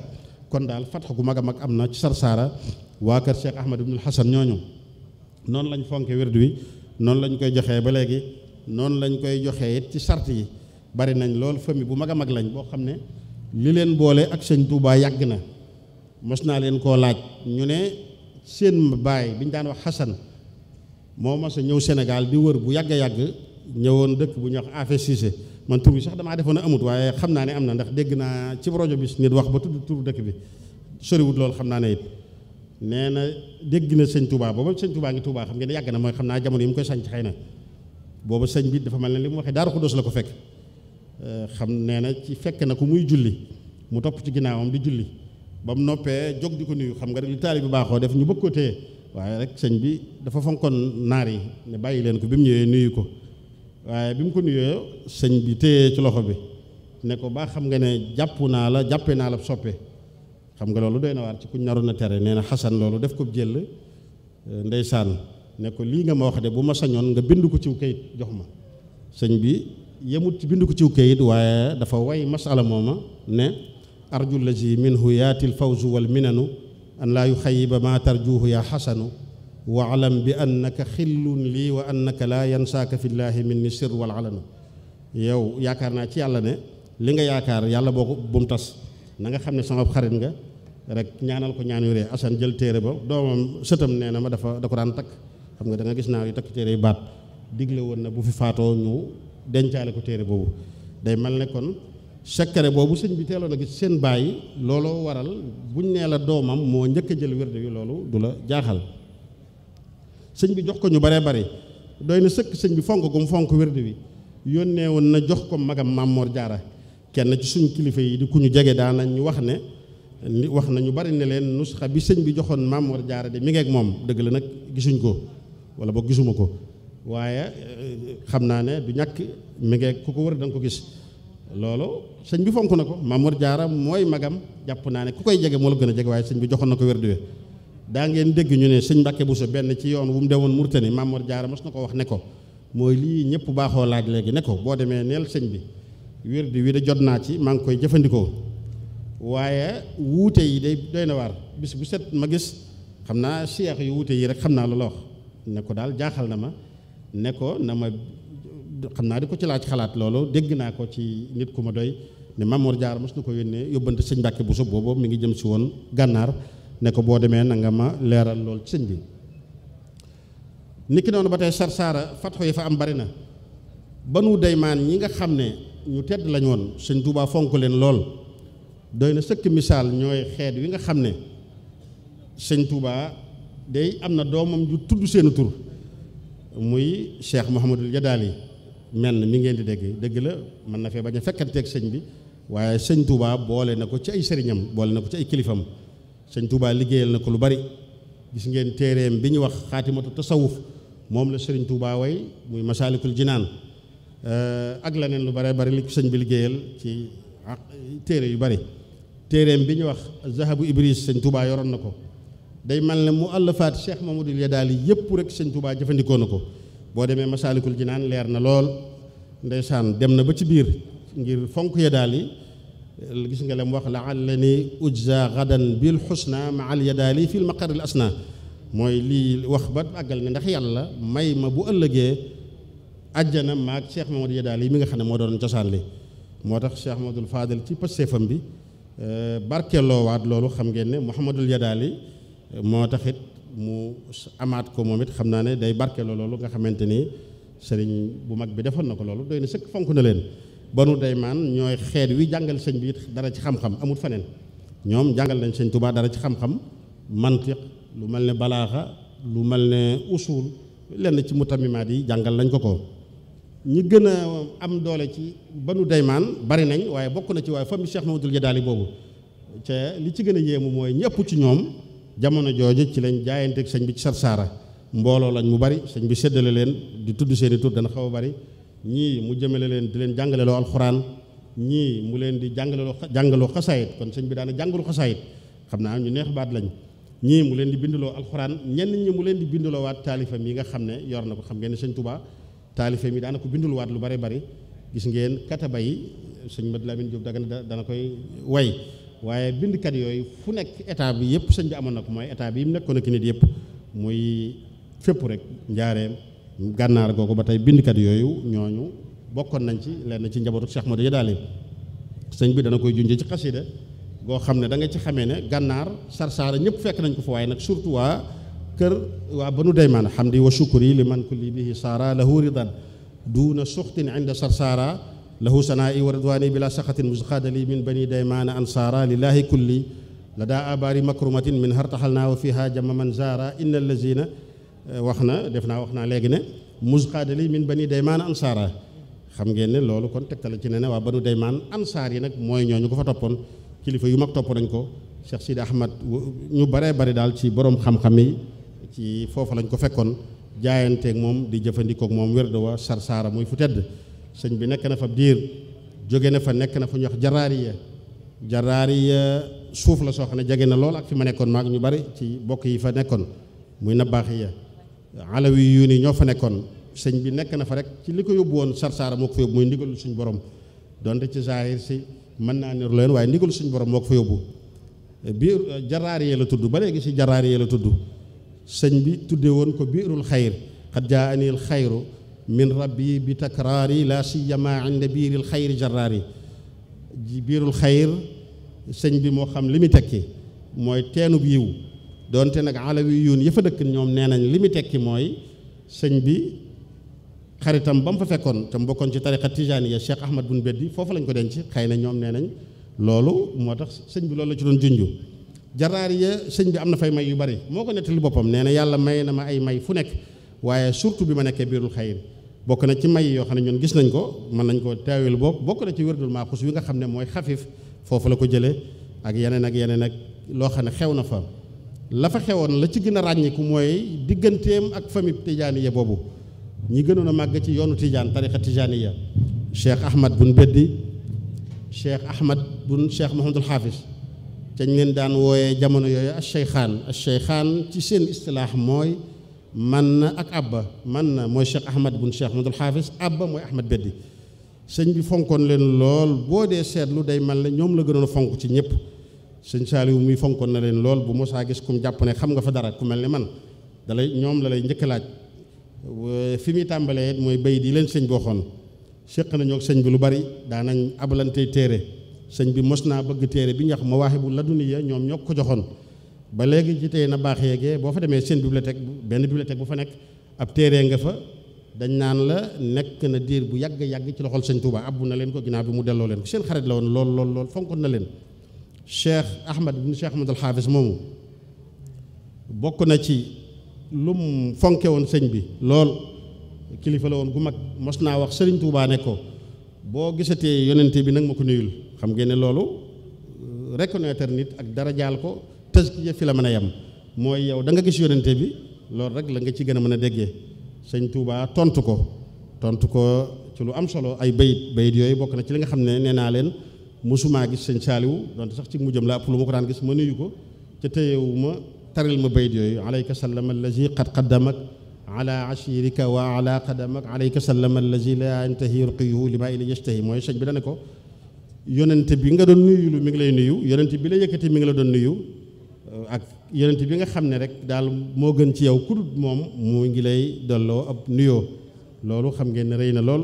kon daal fatxa gu mag a mag am na ci Sarsara waa kër Cheikh Ahmad ibnul Hasan ñooñu noonu lañ fonke wird wi noonu lañ koy joxee ba léegi noonu lañ koy joxee it ci sart yi bari nañ lool famille bu mag a mag lañ boo xam ne li leen boole ak sëñ Touba yàgg na mos naa leen koo laaj ñu ne seen baay bi ñu daan wax Hasan moo mose ñëw Sénégal bi wër bu yàgg a yàgg ñëwoon dëkk bu ñuy wax affaire man tur bi sax damaa defoon amut waaye xam naa ne am na ndax dégg naa ci rajo bi nit wax ba tudd tur dëkk bi soriwut lool xam naa ne it nee na dégg na sëñ Touba booba sëñ Touba ngi Touba xam nga yàgg na mooy xam naa jamono yi mu koy sànc xëy na booba sëñ bi dafa mel ne li mu waxee Daaru Xuddoos la ko fekk xam nee na ci fekk na ko muy julli mu topp ci ginnaawam di julli ba mu noppee jóg di ko nuyu xam nga rek li taalibe bi baaxoo def ñu bëgg ko téye waaye rek sëñ bi dafa fonkoon naar yi ne bàyyi leen ko bi mu ñëwee nuyu ko waaye bi mu ko nuyoo sëñ bi téye ci loxo bi ne ko baa xam nga ne jàpp naa la jàppee naa la soppe xam nga loolu doy na waar ci ku naru na tere nee na xasan loolu def ko jël euh, ndeysaan ne ko lii nga ma wax de bu ma sañoon nga bind ko ciw kayit jox ma sëñ bi yemut ci bind ko ciw kayit waaye dafa way masala mooma ne arju lazi minhu yaatil fawzu wal minanu an laa ba ma tarjuhu yaa xasanu waalam bi an annaka xillun lii wa annaka laa yansaaka fillaahi min ni sir wal alanu yow yaakaar naa ci yàlla ne li nga yaakaar yàlla boo ko bu mu tas na nga xam ne sama xarit nga rek ñaanal ko ñaan yu ree jël téere ba doomam sëtam nee na ma dafa da daan takk xam nga da nga gis naa yu takk téere yu baat digle woon na bu fi faatoo ñu dencaale ko téere boobu day mel ne kon secret boobu sëñ bi teeloon a gis seen bàyyi looloo waral buñ nee la doomam moo njëkk a jël wérde wi loolu du la jaaxal sëñ bi jox ko ñu baree bari doy na sëkk sëñ bi fonk gum fonk wérd wi yónnee woon na jox ko magam Mamor Jaara kenn ci suñu kilifa yi di ku ñu jege daana ñu wax ne ni wax na ñu bari ne leen nusxa bi sëñ bi joxoon Mamor Jaara de mi moom dëgg la nag gisuñ ko wala boo gisuma ko waaye eh, xam naa ne du ñàkk mi ngeeg ku ko war da nga ko gis loolu sëñ bi fonk na ko Mamor Jaara mooy magam jàpp naa ne ku koy jege moo la gën a jege waaye sëñ bi joxoon na ko wérd daa ngeen dégg ñu ne sëñ Mbàkke Bousso benn ci yoon wu mu demoon Murtani Mamor Jaara mos na ko wax ne ko mooy lii ñëpp baaxoo laaj léegi ne ko boo demee neel sëñ bi wirdi wi da jot naa ci maa ngi koy jëfandikoo waaye wuute yi waar bis ma gis xam naa seex yu wuute yi rek xam naa loola wax ne ko daal jaaxal na ma ne ko na ma xam naa di ko ci laaj xalaat loolu dégg naa ko ci nit ku ma doy ne Mamor Jaara mos na ko yónnee yóbbante sëñ Mbàkke Bousso boobu mi ngi jëm si woon gànnaar ne ko boo demee na ma leeral lool sëñ bi niki noonu ba tey sarsaara fatxo yi fa am bari na banu daymaan ñi nga xam ne ñu tedd lañ woon sëñ Tuubaa fonk leen lool doy na sëkk misaal ñooy xeet wi nga xam ne sëñ Tuubaa day am na doomam ju tudd seenu tur muy Cheikh Mouhamadul Jadaali menn mi ngeen di dégg dëgg la mën na fee bañ a fekkanteeg sëñ bi waaye sëñ Tuubaa boole na ko ci ay sëriñam boole na ko ci ay kilifam sëñ Touba liggéeyal na ko lu bari gis ngeen téereem bi ñu wax xaatimatu tasawuf moom la sëriñ Touba woy muy masaalikul jinaan ak leneen lu bare bari li ko sëñ bi liggéeyal ci téere yu bari téereem bi ñu wax zahabu ibris sëñ Touba yoroon na ko day mel ne mu àllfaat Cheikh Mamadou Yadaali yëpp rek sëñ Touba jëfandikoo na ko boo demee masaalikul jinaan leer na lool ndeysaan dem na ba ci biir ngir fonk Yadaali gis nga lam wax laallani ujza gadan bil xusna ma al yadaali fi l maqaril asna mooy lii wax ba àggal ne ndax yàlla may ma bu ëllëgee ajjana maag Cheikh Mamadou Yadaali mi nga xam ne moo doon cosaan li moo tax Cheikh Mamadou Fadel ci pastéefam bi euh, barkeeloowaat loolu xam ngeen ne Mouhamadul Yadaali euh, moo taxit mu amaat ko moom it xam naa ne day barkeeloo loolu nga xamante ni sëriñ bu mag bi defoon na ko loolu doy na sëkk fonk na leen banu deymaan ñooy xeet wi jàngal sëñ bi it dara ci xam-xam amut faneen ñoom jàngal nañ sëñ Tuubaa dara ci xam-xam mantiq lu mel ne balaaxa lu mel ne usul lenn ci mutamimaat yi jàngal nañ ko ko ñi gën a am doole ci banu deymaan bari nañ waaye bokk na ci waaye famille Cheikh Mamadul Jadaali boobu te li ci gën a yéemu mooy ñëpp ci ñoom jamono jooju ci lañ jaayanteeg sëñ bi ci Sarsaara mbooloo lañ mu bari sëñ bi séddale leen di tudd seeni tur dana xaw a bari ñii mu jëmale leen di leen jàngaleloo alxuraan ñii mu leen di jàngaleloo jàngaloo xasaayit kon sëñ bi daana jàngalu xasaayit xam naa ñu neex baat lañ ñii mu leen di bindaloo alxuraan ñenn ñi mu leen di bindaloo waat taalifa yi nga xam ne yor na ko xam ngeen ne sëñ Touba taalifa mi daana ko bindul waat lu bare bari gis ngeen kataba yi sëñ Mad Lamin Jóob Dagana dana koy way waaye bindkat yooyu fu nekk état bi yëpp sëñ bi amoon na ko mooy état bi mu nekkoon ak nit yëpp muy fépp rek njaareem gànnaar googu ba tey bindkat yooyu ñooñu bokkoon nañ ci lenn ci njabootu Cheikh Modou Yadaali sëñ bi dana koy junj ci xasida goo xam ne da nga ci xamee ne gànnaar sarsaara ñëpp fekk nañ ko fa waaye nag surtout waa kër waa banu daymaan hamdi wa shukri li man kulli bihi saara lahu ridan duuna suxtin inda sarsaara lahu sanaa'i wa ridwaani bila saxatin musqadali min bani daymaana ansaara lillahi kulli ladaa abaari makrumatin min hartaxal naa wa fiha jama man zaara inna allazina Euh, wax na def naa wax naa léegi ne musqaadali min bani daymaan ansaara xam ngeen ne loolu kon tegtale ci ne ne waa banu daymaan ansaar yi nag mooy ñoo ñu ko fa toppoon kilifa yu mag topp nañ ko Cheikh Sidi Ahmad ñu baree bari daal ci borom xam yi ci foofa lañ ko fekkoon jaayanteeg moom di jëfandikook moom wérdu wa sarsaara muy fu tedd sëñ bi nekk na fa jóge na fa nekk na fu ñuy wax jaraariya jaraariya suuf la soo xam ne jege na lool ak fi ma nekkoon maag ñu bari ci bokk yi fa nekkoon muy nabaaxiya alawi yu ni ñoo fa nekkoon sëñ bi nekk na fa rek ci li ko yóbbu woon sarsaara moo ko fa yóbbu suñu borom donte ci zahir si mën naa niru leen waaye ndigalu suñu borom moo ko fa yóbbu biir jaraari yee la tudd ba léegi si jaraar yee la tudd sëñ bi tuddee woon ko biirul xayr xad jaa anil xayru min rabbi bi takraari la siyama inda biiril xayri jaraari biirul xayr sëñ bi moo xam li muy tekki mooy teenu yiw donte nag alawi yuun ya fa dëkk ñoom nee nañ li mu tekki mooy sëñ bi xaritam bam mu fa fekkoon te mu bokkoon ci tariqa tijaaniya Cheikh Ahmad bun Beddi foofu lañ ko denc xëy na ñoom nee nañ loolu moo tax sëñ bi loolu la ci doon junju jaraar ya sëñ bi am na fay may yu bari moo ko li boppam nee na yàlla may na ma ay may fu nekk waaye surtout bi ma nekkee biirul xayri bokk na ci may yoo xam ne ñun gis nañ ko mën nañ koo teewil bopp bokk na ci wérdul maaxus wi nga xam ne mooy xafif foofu la ko jëlee ak yeneen ak yeneen ak loo xam ne xew na fa la fa xewoon la ci gën a ràññiku mooy digganteem ak famille tijaaniya boobu ñi gënoon a màgg ci yoonu tijaan tarixa tijaaniya cheikh ahmad bun beddi cheikh ahmad bun cheikh mahamadul xaafis cañ leen daan wooyee jamono yooyu a cheykhaan a cheykhaan ci seen istilaax mooy man na ak abba man na mooy cheikh ahmad bun cheikh mahamadul xaafis abba mooy ahmad beddi sëñ bi fonkoon leen lool boo dee seetlu day mel ne ñoom la gënoon a fonk ci ñëpp sëñ Saaliw muy fonkoon na leen lool bu mosaa gis kum jàpp ne xam nga fa dara ku mel ne man dalay ñoom la lay njëkk fi muy tàmbalee mooy bay di leen sëñ bi waxoon séq nañoo ak sëñ bi lu bari daanañ abalantey téere sëñ bi mos naa bëgg téere bi ñu wax Mawaahibu Ladunniya ñoom ñoo ko joxoon ba léegi ci tey na baax yeegee boo fa demee seen bibliothèque benn bibliothèque bu fa nekk ab téere nga fa dañ naan la nekk na diir bu yàgg yàgg ci loxol sëñ Touba abbu na leen ko ginnaaw bi mu delloo leen ko seen xarit la lool lool lool fonkoon na cheikh ahmad ibn cheikh ahmad al xaafis moomu bokk na ci lum fonke woon sëñ bi lool kilifa la woon gu mag mos naa wax sëriñ tuubaa ne ko boo gisatee yonente bi nag ma ko nuyul xam ngeen ne loolu euh, reconnaître nit ak dara jaal ko tëskiya fi la mën a yem mooy yow da nga gis yonente bi loolu rek la nga ci gën a mën a déggee sëñ tuubaa tontu ko tontu ko ci lu am solo ay bayit bayit yooyu bokk na ci li nga xam ne nee naa leen mosuma gis sëñ saaliwu donte sax mu mujjam laa ëpp lu ma ko daan gis ma nuyu ko ca téyewu ma taril ma bayt yooyu alayka sallama allazi qad qaddamak ala ashirika wa ala qadamak alayka sallama allazi la yantahi ruqiyuhu li ma ili yashtahi mooy sëñ bi dana ko yonente bi nga doon nuyu lu mi ngi lay nuyu yonente bi la yëkkati mi ngi la doon nuyu ak yonente bi nga xam ne rek daal moo gën ci yow kudut moom mu ngi lay dolloo ab nuyoo loolu xam ngeen rey na lool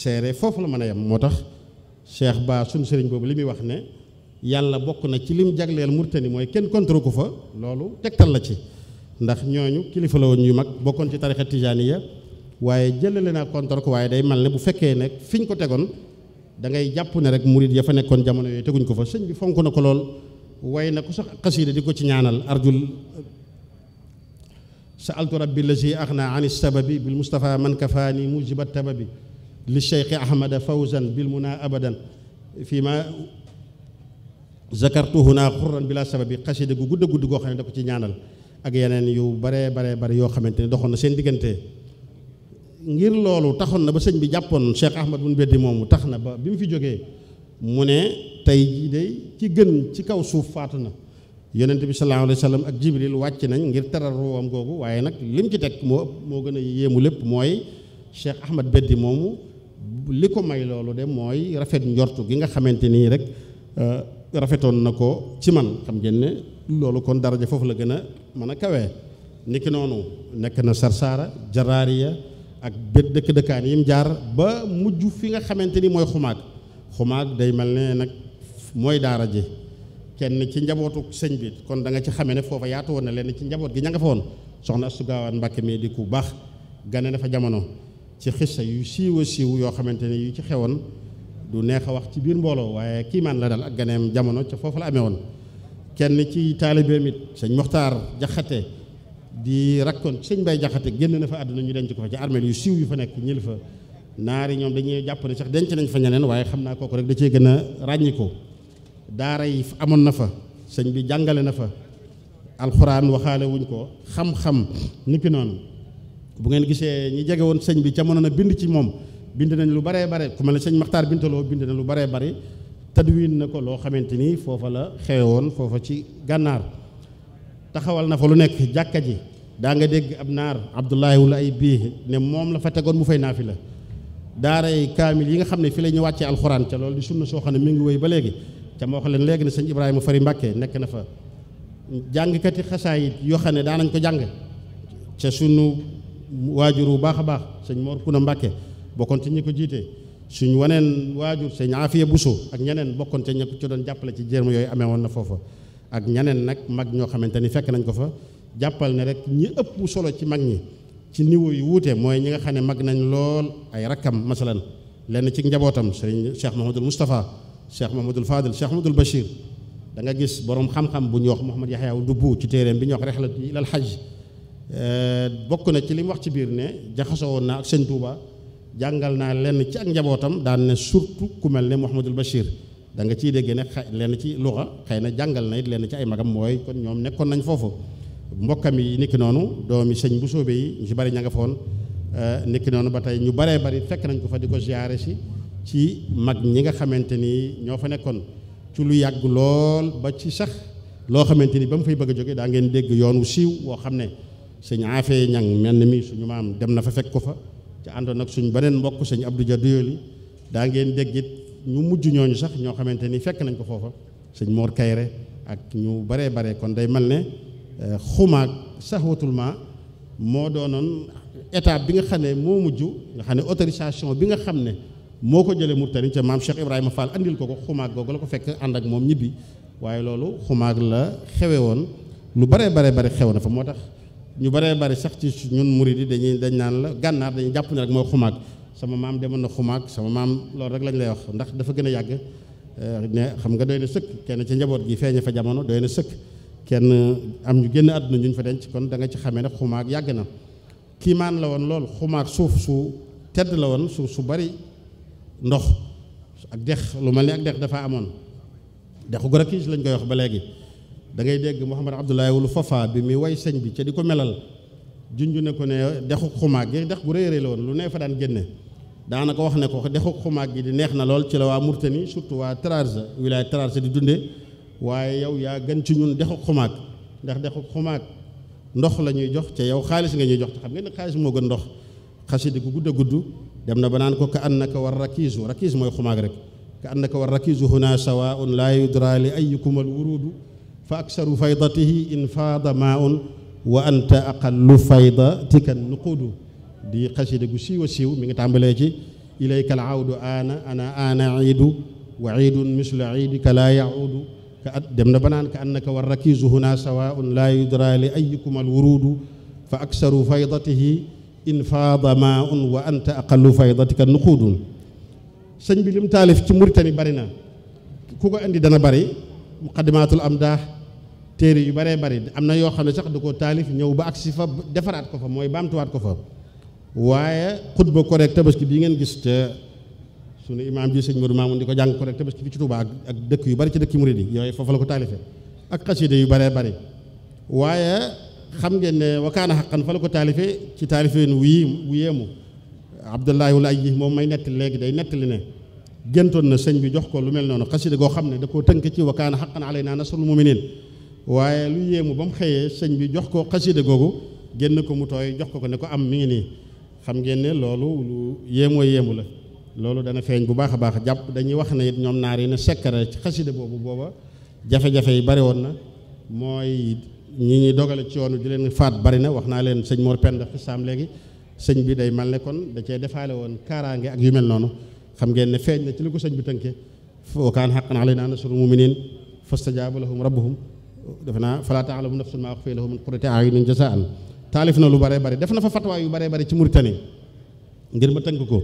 seere foofu la mën a yem moo tax Cheikh Ba sunu sëriñ boobu li muy wax ne yàlla bokk na ci lim jagleel murtani mooy kenn contre ko fa loolu tegtal la ci ndax ñooñu kilifa la woon yu mag bokkoon ci tarixa ya waaye jëlale naa contre ko waaye day mal ne bu fekkee ne fi ñu ko tegoon da ngay jàpp ne rek murit ya fa nekkoon jamono yooyu teguñ ko fa sëñ bi fonk na ko lool way na ko sax xasiida di ko ci ñaanal arjul sa altu rabbi lazi axna an sababi bil mustafa man kafaani mujibat tababi li cheikh ahmada fawzan bil muna abadan fii ma zakartuhu naa xurran bila sababi xasida gu gudd a gudd goo xam ne da ko ci ñaanal ak yeneen yu bare bare bare yoo xamante ne doxoon na seen diggante ngir loolu taxoon na ba sëñ bi jàppoon cheikh ahmad bun beddi moomu tax na ba bi mu fi jógee mu ne tey jii ci gën ci kaw suuf faatu na yonent bi sallallahu alayhi ak jibril wàcc nañ ngir teral ruwam googu waaye nag lim ci teg moo ëpp moo gën a yéemu lépp mooy cheikh ahmad moomu li ko may loolu de mooy rafet njortu gi nga xamante nii rek euh, rafetoon na ko ci man xam ngeen loolu kon daraja foofu la gën a mën a kawee niki noonu nekk na sarsaara jaraariya ak bët dëkk dëkkaan yim jaar ba mujj fi nga xamante ni mooy xumaag xumaag day mel ne nag mooy daara ji kenn ci njabootu sëñ bi kon da nga ci xamee ne foofa yaatu woon na lenn ci njaboot gi ña nga fa woon soxna Astu Gaawaan Mbàkke mi di ku baax gane na fa jamono ci xissa yu siiw a siiw yoo xamante ne yu ci xewoon du neex a wax ci biir mbooloo waaye kii maan la dal ak ganeem jamono ca foofu la amee woon kenn ci taalibeem it sëñ Moxtaar Jaxate di rakkoon sëñ Bay Jaxate génn na fa àdduna ñu denc ko fa ci armeel yu siiw yu fa nekk ñil fa yi ñoom dañuy jàpp ne sax denc nañ fa ñeneen waaye xam naa kooku rek da cee gën a ràññiku daara yi amoon na fa sëñ bi jàngale na fa alxuraan waxaale wuñ ko xam-xam nippi noonu bu ngeen gisee ñi jege woon sëñ bi ca mënoon a bind ci moom bind nañ lu baree bare ku mel ne sëñ Maxtaar Bintaloo bind na lu baree bari tadwin na ko loo xamante ni foofa la xewe woon foofa ci gànnaar taxawal na fa lu nekk jàkka ji daa nga dégg ab naar Abdoulaye wula ay bii ne moom la fa tegoon bu fay naafi la daaray kaamil yi nga xam ne fi la ñu wàccee alxuraan ca loolu di sunna soo xam ne mi ngi wéy ba léegi ca moo xam leen léegi ne sëñ Ibrahima Fari Mbàkke nekk na fa jàngkati xasaayit yoo xam ne daanañ ko jàng waajur bu baax a baax sëñ Mor Kuna Mbàkke bokkoon ci ñi ko jiite suñ waneen waajur sëñ Afiya Buso ak ñeneen bokkoon ca ña ko doon jàppale ci jéem yooyu amee woon na foofa ak ñeneen nag mag ñoo xamante ni fekk nañ ko fa jàppal ne rek ñi ëpp solo ci mag ñi ci niveau yu wuute mooy ñi nga xam ne mag nañ lool ay rakkam masalan lenn ci njabootam sëñ Cheikh Mahamadul Moustapha Cheikh Mahamadul Fadil Cheikh Mahamadul Bachir da nga gis borom xam-xam bu ñuy wax Mouhamad Yaxya Dubu ci téeréem bi ñuy wax Rexlat ilal Hajj Euh, bokk na ci li wax ci biir ne jaxasoo woon naa ak sëñ Touba jàngal naa lenn ci ak njabootam daan ne surtout ku mel ne Mouhamadul Bachir da nga ciy dégg ne xay lenn ci luxa xëy na jàngal na it lenn ci ay magam mooy kon ñoom nekkoon nañ foofu mbokkam yi niki noonu doomi sëñ bu soobee yi ñu si bari ña nga foon euh, niki noonu ba tey ñu baree bari fekk nañ ko fa di ko ziare si ci mag ñi nga xamante ni ñoo fa nekkoon ci lu yàgg lool ba ci sax loo xamante ni ba mu bëgg a jóge daa ngeen dégg yoon wu siiw woo xam ne sëñ Afee Ñang mel mii suñu maam dem na fa fekk ko fa ci àndoon ak suñ beneen mbokk sëñ Abdou Dia Doyoli daa ngeen dégg it ñu mujj ñooñu sax ñoo xamante ni fekk nañ ko foofa sëñ moor Kayre ak ñu baree bare kon day mel ne eh, xumaag saxwatul ma moo doonoon étape bi nga xam ne moo mujj nga xam ne autorisation bi nga xam ne moo ko jëlee Mauritanie ca maam Ibrahima Fall andil ko ko xumaag googu la ko fekk ànd ak moom ñibbi waaye loolu xumaag la xewe woon lu baree bare bare xew na fa moo tax. ñu baree bari sax ci ñun murid yi dañuy dañ naan la gànnaar dañuy jàpp ne rek mooy xumaag sama maam demoon na xumaag sama maam loolu rek lañu lay wax ndax dafa gën a yàgg euh, xam nga doy na kenn ci njaboot gi feeñe fa jamono doy sëkk kenn am ñu génn àdduna ñu fa denc kon da nga ci xamee ne xumaag yàgg na kiimaan la woon lool xumaag suuf su tedd la woon suuf su bari ndox ak dex lu mel ni ak dex dafa amoon dexu Gorakis lañ koy wax ba léegi da ngay dégg Mouhamad Abdoulaye wul Fafa bi mi way sëñ bi ca di ko melal junj ne ko ne dexu xumaag gi dex bu rëy la woon lu nee fa daan génne daanaka wax ne ko dexu xumaag gi di neex na lool ci la waa Murtani surtout waa Trarza wilaya Trarza di dunde waaye yow yaa gën ci ñun dexu xumaag ndax dexu xumaag ndox la ñuy jox ca yow xaalis nga ñuy jox te xam nga ne xaalis moo gën ndox xasidi ku gudd a gudd dem na ba naan ko ka annaka war rakiisu rakiis mooy xumaag rek ka annaka war rakiisu huna sawaun laa yudra li ayyukum al wurudu fa aksaru faydatihi in faada maaun wa anta aqallu faydatika nuqudu di xasida gu siiw a siiw mi ngi tàmbalee ci ilayka al awdu ana ana ana iidu wa iidun mislu iidika laa yaudu ka at dem na banaan ka annaka wa rakiisu huna sawaun laa yudra li ayikum al wurudu fa aksaru faydatihi in faada maaun wa anta aqallu faydatika nuquudun sëñ bi lim taalif ci muritani bari na ku ko indi dana bari muqaddimatul amdaax téere yu baree bari am na yoo xam ne sax da ko taalif ñëw ba agsi fa defaraat ko fa mooy baamtuwaat ko fa waaye xutba korek tabaski bi ngeen gis te sunu imaam ji sëñ Modou Mamoun di ko jàng korek tabaski bi ci Touba ak dëkk yu bari ci dëkk murid yi yooyu foofu la ko taalifee ak xasida yu baree bari waaye xam ngeen ne wakaana xaqan fa la ko taalifee ci taalifeen wii wu yéemu Abdullahi wala ay moom may nettali léegi day li ne géntoon na sëñ bi jox ko lu mel noonu xasida goo xam ne da koo tënk ci wakaana xaqan alay naa nasrul muminin waaye lu yéemu ba mu xëyee sëñ bi jox ko xasida googu génn ko mu tooy jox ko ko ne ko am mi ngi nii xam ngeen ne loolu lu yéemoo yéemu la loolu dana feeñ bu baax a baax jàpp dañuy wax ne it ñoom naar yi ne sekkara ci xasida boobu booba jafe yi bari woon na mooy ñi ñuy dogale ci yoonu di leen faat bari na wax naa leen sëñ Mor Penda saam léegi sëñ bi day mal ne kon da cee defaale woon kaaraange ak yu mel noonu xam ngeen ne feeñ na ci li ko sëñ bi tënke wa kaana haqqan alaynaa nasrul mu'miniin fastajaaba lahum rabbuhum defe naa falaa ta'lamu nafsun maa ukhfiya lahum min qurrati a'yunin jazaa'an taalif na lu bare bare def na fa fatawaa yu bare bare ci Mauritanie ngir ma tënk ko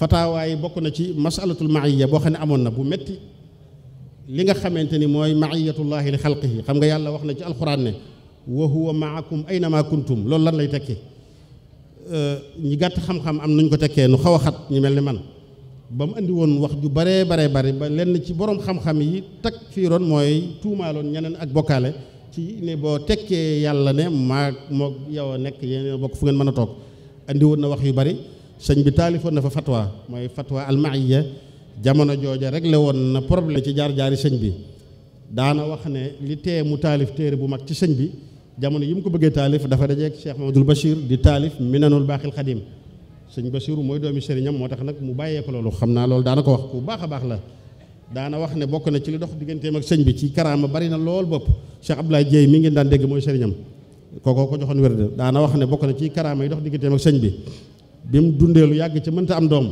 fatawaa yi bokk na ci masalatul ma'iya boo xam ne amoon na bu metti li nga xamante ni mooy ma'iyatullahi li xalqihi xam nga yàlla wax na ci alxuraan ne wa huwa ma'akum aynama kuntum loolu lan lay tekki ñi gàtt xam-xam am nuñ ko tekkee nu xaw a xat ñu mel ni man ba mu indi woon wax ju baree baree bari ba lenn ci boroom xam-xam yi tag fii ron mooy tuumaaloon ñeneen ak bokkaale ci ne boo tekkee yàlla ne maa moog yow a nekk yeneen bokk fu ngeen mën a toog indi woon na wax yu bari sëñ bi taalifoon na fa fatwa mooy fatwa almaiya jamono jooja rek la woon na problème ci jaar-jaari sëñ bi daana wax ne li tee mu taalif téere bu mag ci sëñ bi jamono yi mu ko bëggee taalif dafa dajeeg Cheikh Mamadul Bachir di taalif minanul baaxil xadim sëñ Basiru mooy doomi sëriñam moo tax nag mu bàyyee ko loolu xam naa loolu daana ko wax ku baax a baax la daana wax ne bokk na ci li dox digganteem ak sëñ bi ci karaama bari na lool bopp Cheikh Abdoulaye Dieye mi ngeen daan dégg mooy sëriñam kookoo ko joxoon wérd daana wax ne bokk na ci karaama yi dox digganteem ak sëñ bi bi mu dundee lu yàgg ci mënta am doom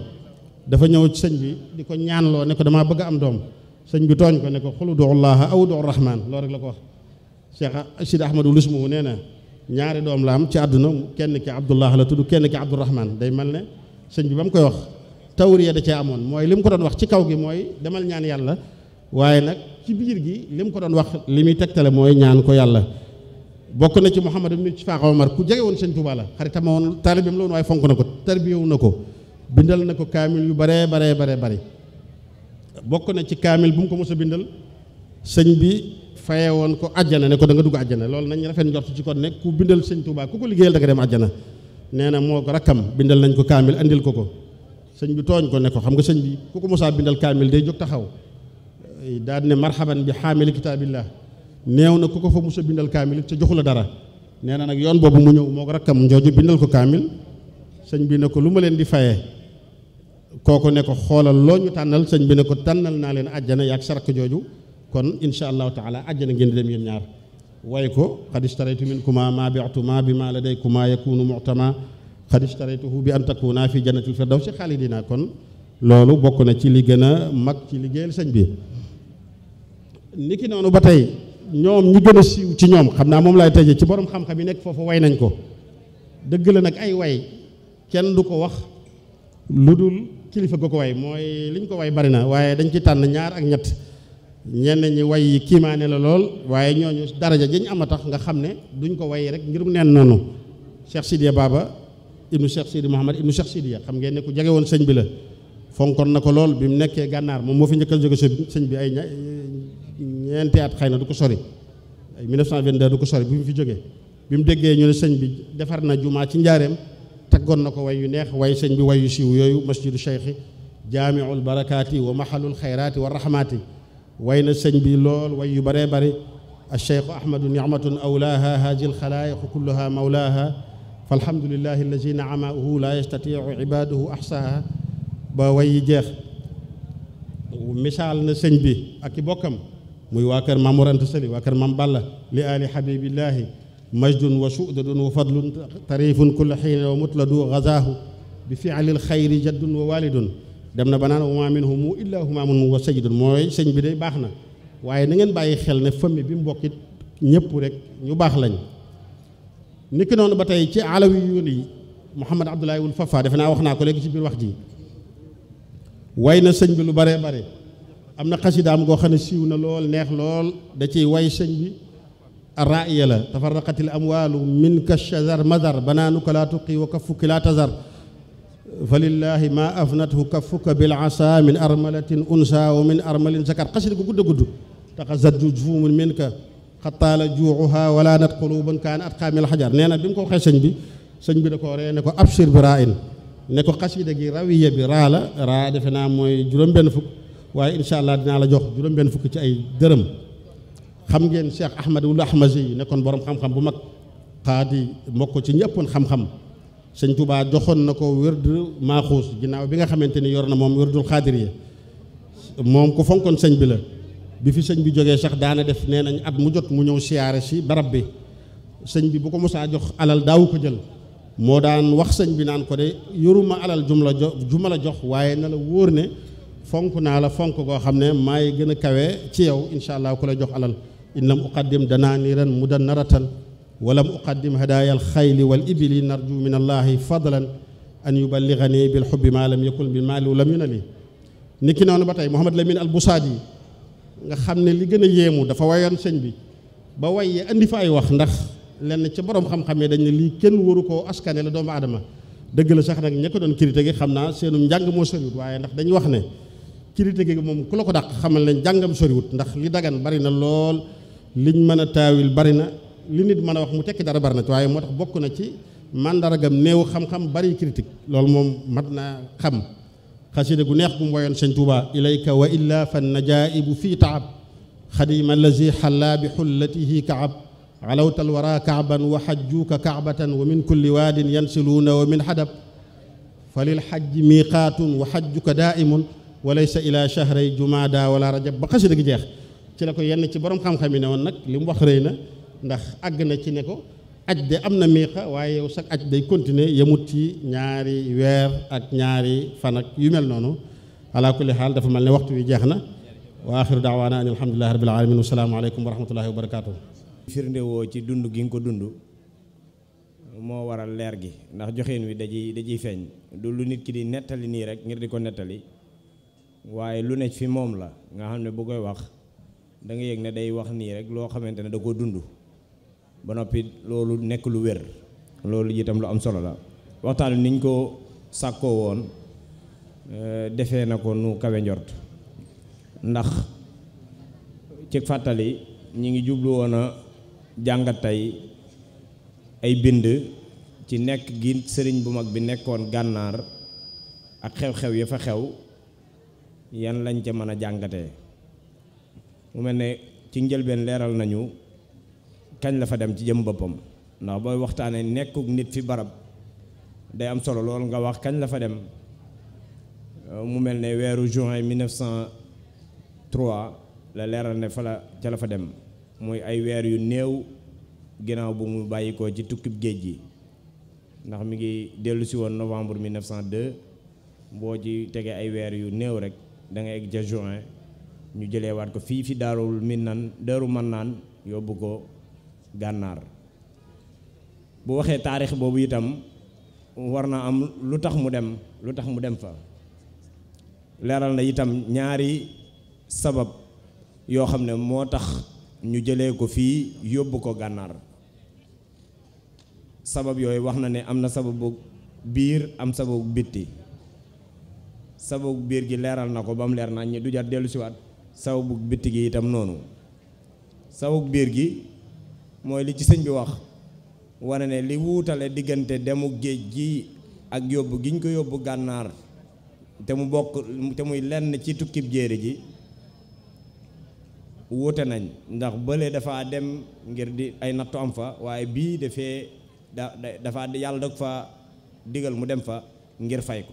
dafa ñëw ci sëñ bi di ko ñaan ñaanloo ne ko dama bëgg am doom sëñ bi tooñ ko ne ko xulu du llaaha aw du rahman loolu rek la ko wax Cheikh Sidi Ahmadou Lusmu nee naa ñaari doom la am ci àdduna kenn ki abdullah la tudd kenn ki abdurahman day mel ne sëñ bi ba mu koy wax tawriya da cee amoon mooy li mu ko doon wax ci kaw gi mooy demal ñaan yàlla waaye nag ci biir gi li mu ko doon wax li muy tegtale mooy ñaan ko yàlla bokk na ci Muhammad ibn Ishaq Omar ku jege woon sëñ Tuubaa la xaritam woon taalibeem la woon waaye fonk na ko tarbiyewu na ko bindal na ko kaamil yu baree bare baree bari bokk na ci kaamil bu ko mos a bindal sëñ bi faye woon ko àjjana ne ko da nga dugg àjjana loolu nañu rafet njort ci kon ne ku bindal sëñ Touba ku ko liggéeyal da dem àjjana nee na moo ko rakkam bindal nañ ko kaamil andil ko ko sëñ bi tooñ ko ne ko xam nga sëñ bi ku ko mosaa bindal kaamil day jóg taxaw daal ne marhaban bi xaamili kitaabillah neew na ku ko fa mosa bindal kaamil ca joxu la dara neena nag yoon boobu mu ñëw moo ko rakkam njooju bindal ko kaamil sëñ bi ne ko lu ma leen di faye kooku ne ko xoolal loo ñu tànnal sëñ bi ne ko tànnal naa leen àjjana ak sarak jooju kon insha allahu taala àjjana ngeen di dem yéen ñaar way ko xad ishtaraytu minkuma ma bi'tuma bima ladaykuma yakunu mu'tama xad ishtaraytuhu bi an takuna fi jannatil firdawsi xaalidina kon loolu bokk na ci li gën a mag ci liggéeyal sëñ bi niki noonu ba tey ñoom ñu gën siiw ci ñoom xam naa moom laay tëjee ci borom xam-xam yi nekk foofu way nañ ko dëgg la nag ay way kenn du ko wax lu dul kilifa ga ko way mooy liñ ko way bari na waaye dañ ci tànn ñaar ak ñett ñenn ñi way yi kiimaane la lool waaye ñooñu daraja jañ am a tax nga xam ne duñ ko way rek ngir mu neen noonu Cheikh Sidiya Baba ibnu Cheikh Sidi Mouhamad ibnu Cheikh Sidiya xam ngeen ne ku jege woon sëñ bi la fonkoon na ko lool bi mu nekkee gànnaar moom moo fi njëkk a jóge sëñ bi ay ñeenti at xëy na du ko sori ay 1922 du ko sori bi mu fi jógee bi mu déggee ñu ne sëñ bi defar na jumaa ci njaareem teggoon na ko way yu neex way sëñ bi way yu siiw yooyu masjidu cheikhi jaamiul barakaati wa mahalul xayraati wa rahmaati way na sëñ bi lool way yu baree bari alcheikhu ahmadu nicmatun awlaaha haadi alxalaayiqu kulluha mawlaaha fa alhamdulilahi alladi naamaahu la yastatiu way jeex misaal na sëñ bi ak i bokkam muy waa kër maam waranta sëli waa kër maam li ali xabibillaahi majdun wa sudadun wa fadlun tarifun kulla xiina wa mutladu gazaahu bi fiali alxayri jaddun wa walidun dem na ba naan wa maa minhum illaa humaamun wasajidun mooy sañ bi de baax na waaye na ngeen bàyyi xel ne famille bi mu bokkit ñëpp rek ñu baax lañ niki noonu ba tey ci alawi yoon yi Mouhamad defe naa wax naa ko léegi ci biir wax ji way na sëñ bi lu baree bare am na xasidaam goo xam ne siiw na lool neex lool da ciy way sëñ bi raaya la tafarraqatil amwaalu minka shazar mazar banaanuka laa tuqi wa kafuki laa tazar fa lillaahi ma afnathu kafuka bil asa min armalatin unsa wa min armalin zakat xasida gu gudd a gudd taxasat jufuumun minka juuxuha wala quluban kaana at xaamil xajar nee na bi mu ko waxee sëñ bi sëñ bi da ko ree ne ko abshir bi raa in ne ko xasida gi rawiya bi raa la raa defe naa mooy juróom-benn fukk waaye incha allah dinaa la jox juróom-benn fukk ci ay dërëm xam ngeen Cheikh Ahmad wul Ahmasi nekkoon borom xam-xam bu mag xaati mbokk ci ñëppoon xam sëñ Touba joxoon na ko wërd maaxuus ginnaaw bi nga xamante ni yor na moom wërdul xaadir yi moom ku fonkoon sëñ bi la bi fi sëñ bi jógee sax daana def nee nañ at mu jot mu ñëw siyaare si barab bi sëñ bi bu ko mosaa jox alal daawu ko jël moo daan wax sëñ bi naan ko de yoruma alal jum la jo ju ma jox waaye na la wóor ne fonk naa la fonk goo xam ne maay gën a kawe ci yow incha allah ku la jox alal in lam uqaddim danaa niiran mudan naratan walam uqaddim hadaaya alxayli wal ibili narju min allahi fadlan an yu ba yuballigani bil xubbi maa lam yakun bil maali lam yunali nit ki noonu ba tey Mouhamad Lamine al Busaadi yi nga xam ne li gën a yéemu dafa wayoon sëñ bi ba waye indi fa ay wax ndax lenn ci borom xam-xam dañ ne lii kenn waru koo askane la doomu aadama dëgg la sax nag ña ko doon kirite gi xam naa seenu njàng moo soriwut waaye ndax dañuy wax ne kirite gi moom ku la ko dàq xamal ne njàngam soriwut ndax li dagan bari na lool liñ mën a taawil bari na li nit mën a wax mu tekki dara bari waaye moo tax bokk na ci màndargam néew xam-xam bari critique loolu moom mat naa xam xasida gu neex bu mu woyoon sëñ Tuuba ilayka wa illa fa najaibu fii taab xadima allazi bi xullatihi kaab alawtal wara kaaban wa xajjuuka kaabatan wa min kulli waadin yansiluuna wa min xadab fa lil xajji miiqaatun wa xajjuka daaimun wa laysa ila shahray jumaada wala rajab ba xasida gi jeex ci la ko yenn ci borom xam-xam yi ne woon nag li mu wax na ndax àgg na ci ne ko aj de am na miixa waaye yow sax aj day continuer yemut ci ñaari weer ak ñaari fan ak yu mel noonu ala kulli xaal dafa mel ne waxtu wi jeex na wa axiru daawaana an alhamdulilahi rabbil alamin wasalaamu aleykum wa rahmatullahi wa barakatuh firnde woo ci dund gi nga ko dund moo waral leer gi ndax joxeen wi daji dajiy feeñ du lu nit ki di nettali nii rek ngir di ko nettali waaye lu nekk fi moom la nga xam ne bu koy wax danga nga yëg ne day wax nii rek loo xamante ne da koo dund ba noppi loolu nekk lu wér loolu itam lu am solo la waxtaan niñ ko sàkkoo woon eh, defe na ko nu kawe njort ndax ci fàttali ñi ngi jublu woon a ay bind ci nekk gi sëriñ bu mag bi nekkoon gànnaar ak xew-xew ya fa xew yan lañ ca mën a mu mel ne ci njëlbeen leeral nañu kañ la fa dem ci jëm boppam ndax booy waxtaanee nekkug nit fi barab day am solo lool nga wax kañ la fa dem euh, mu mel ne weeru juin trois la leeral ne fa la ca la fa dem mooy ay weer yu néew ginnaaw bu mu bàyyikoo ci tukkib géej gi ndax mi ngi dellu si woon novembre 1902 boo ci tegee ay weer yu néew rek da egg ca juin ñu jëlee waat ko fii fi daarul minan daaru mannaan yóbbu ko gànnaar bu waxee taarix boobu itam war na am lu tax mu dem lu tax mu dem fa leeral na itam ñaari sabab yoo xam ne moo tax ñu jëlee ko fii yóbbu ko gànnaar sabab yooyu wax na ne am na sababu biir am sababu bitti sababu biir gi leeral na ko ba mu leer nañ ñi du jar dellusiwaat siwaat sababu bitti gi itam noonu sababu biir gi mooy li ci sëñ bi wax wane ne li wuutale diggante demu géej gi ak yóbbu giñ ko yóbbu gànnaar te mu bokk te muy lenn ci tukkib jéeri ji wuute nañ ndax bële dafa dem ngir di ay nattu am fa waaye bii dafee da dafa yàlla dog fa digal mu dem fa ngir fay ko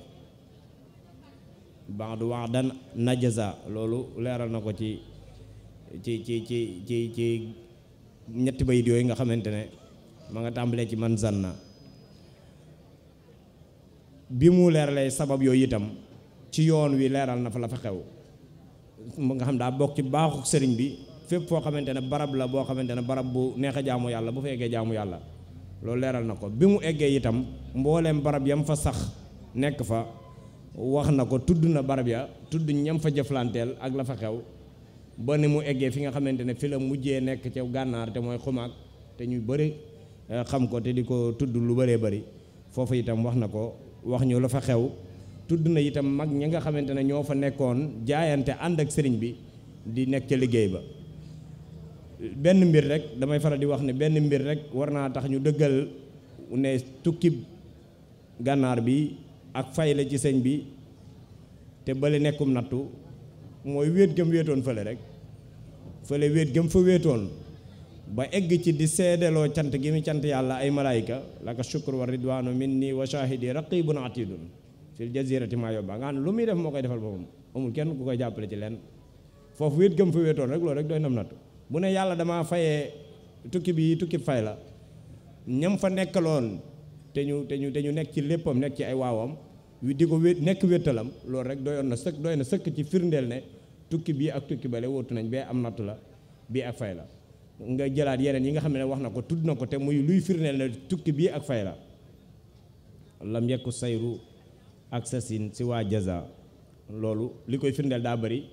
baax du wax dan najaza loolu leeral na ko ci ci ci ci ci ci ñetti bayit yooyu nga xamante ne ma nga tàmbalee ci man zanna bi mu leeralee sabab yooyu itam ci yoon wi leeral na fa la fa xew mu nga xam daa bokk ci baaxu sëriñ bi fépp foo xamante ne barab la boo xamante ne barab bu neex a jaamu yàlla bu fa eggee jaamu yàlla loolu leeral na ko bi mu eggee itam mbooleem barab yam fa sax nekk fa wax na ko tudd na barab ya tudd ñam fa jëflanteel ak la fa xew ba ni mu eggee fi nga xamante ne fi la mujjee nekk ca gànnaar te mooy xumaag te ñu bari eh, xam ko te di ko tudd lu baree bari foofu itam wax na ko wax ñu la fa xew tudd na itam mag ñi nga xamante ne ñoo fa nekkoon jaayante ànd ak sëriñ bi di nekk ca liggéey ba benn mbir rek damay faral di wax ne benn mbir rek war naa tax ñu dëggal ne tukki gànnaar bi ak fay la ci sëñ bi te bale nekkum nattu mooy wéet gëm wéetoon fële rek fële wéet gëm fu wéetoon ba egg ci di seedaloo cant gi mu cant yàlla ay malaayka laka shukru wa ridwaanu minni wa shahidi raqibun atidun fil jazirati maa yobba nga xam lu muy def moo koy defal boppam amul kenn ku koy jàppale ci lenn foofu wéet gëm fu wéetoon rek loolu rek doy nam nattu bu ne yàlla damaa fayee tukki bii tukki fay la ñam fa nekkaloon te ñu te ñu te ñu nekk ci léppam nekk ci ay waawam di ko wé nekk wéttalam loolu rek doyoon na sëkk doy na sëkk ci firndeel ne tukki bii ak tukki bale wóotu nañ bee am natt la bii ak fay la nga jëlaat yeneen yi nga xam ne wax na ko tudd na ko te muy luy firndeel ne tukki bii ak fay la lam yekku sayru ak sasin si waa loolu li koy firndeel daa bëri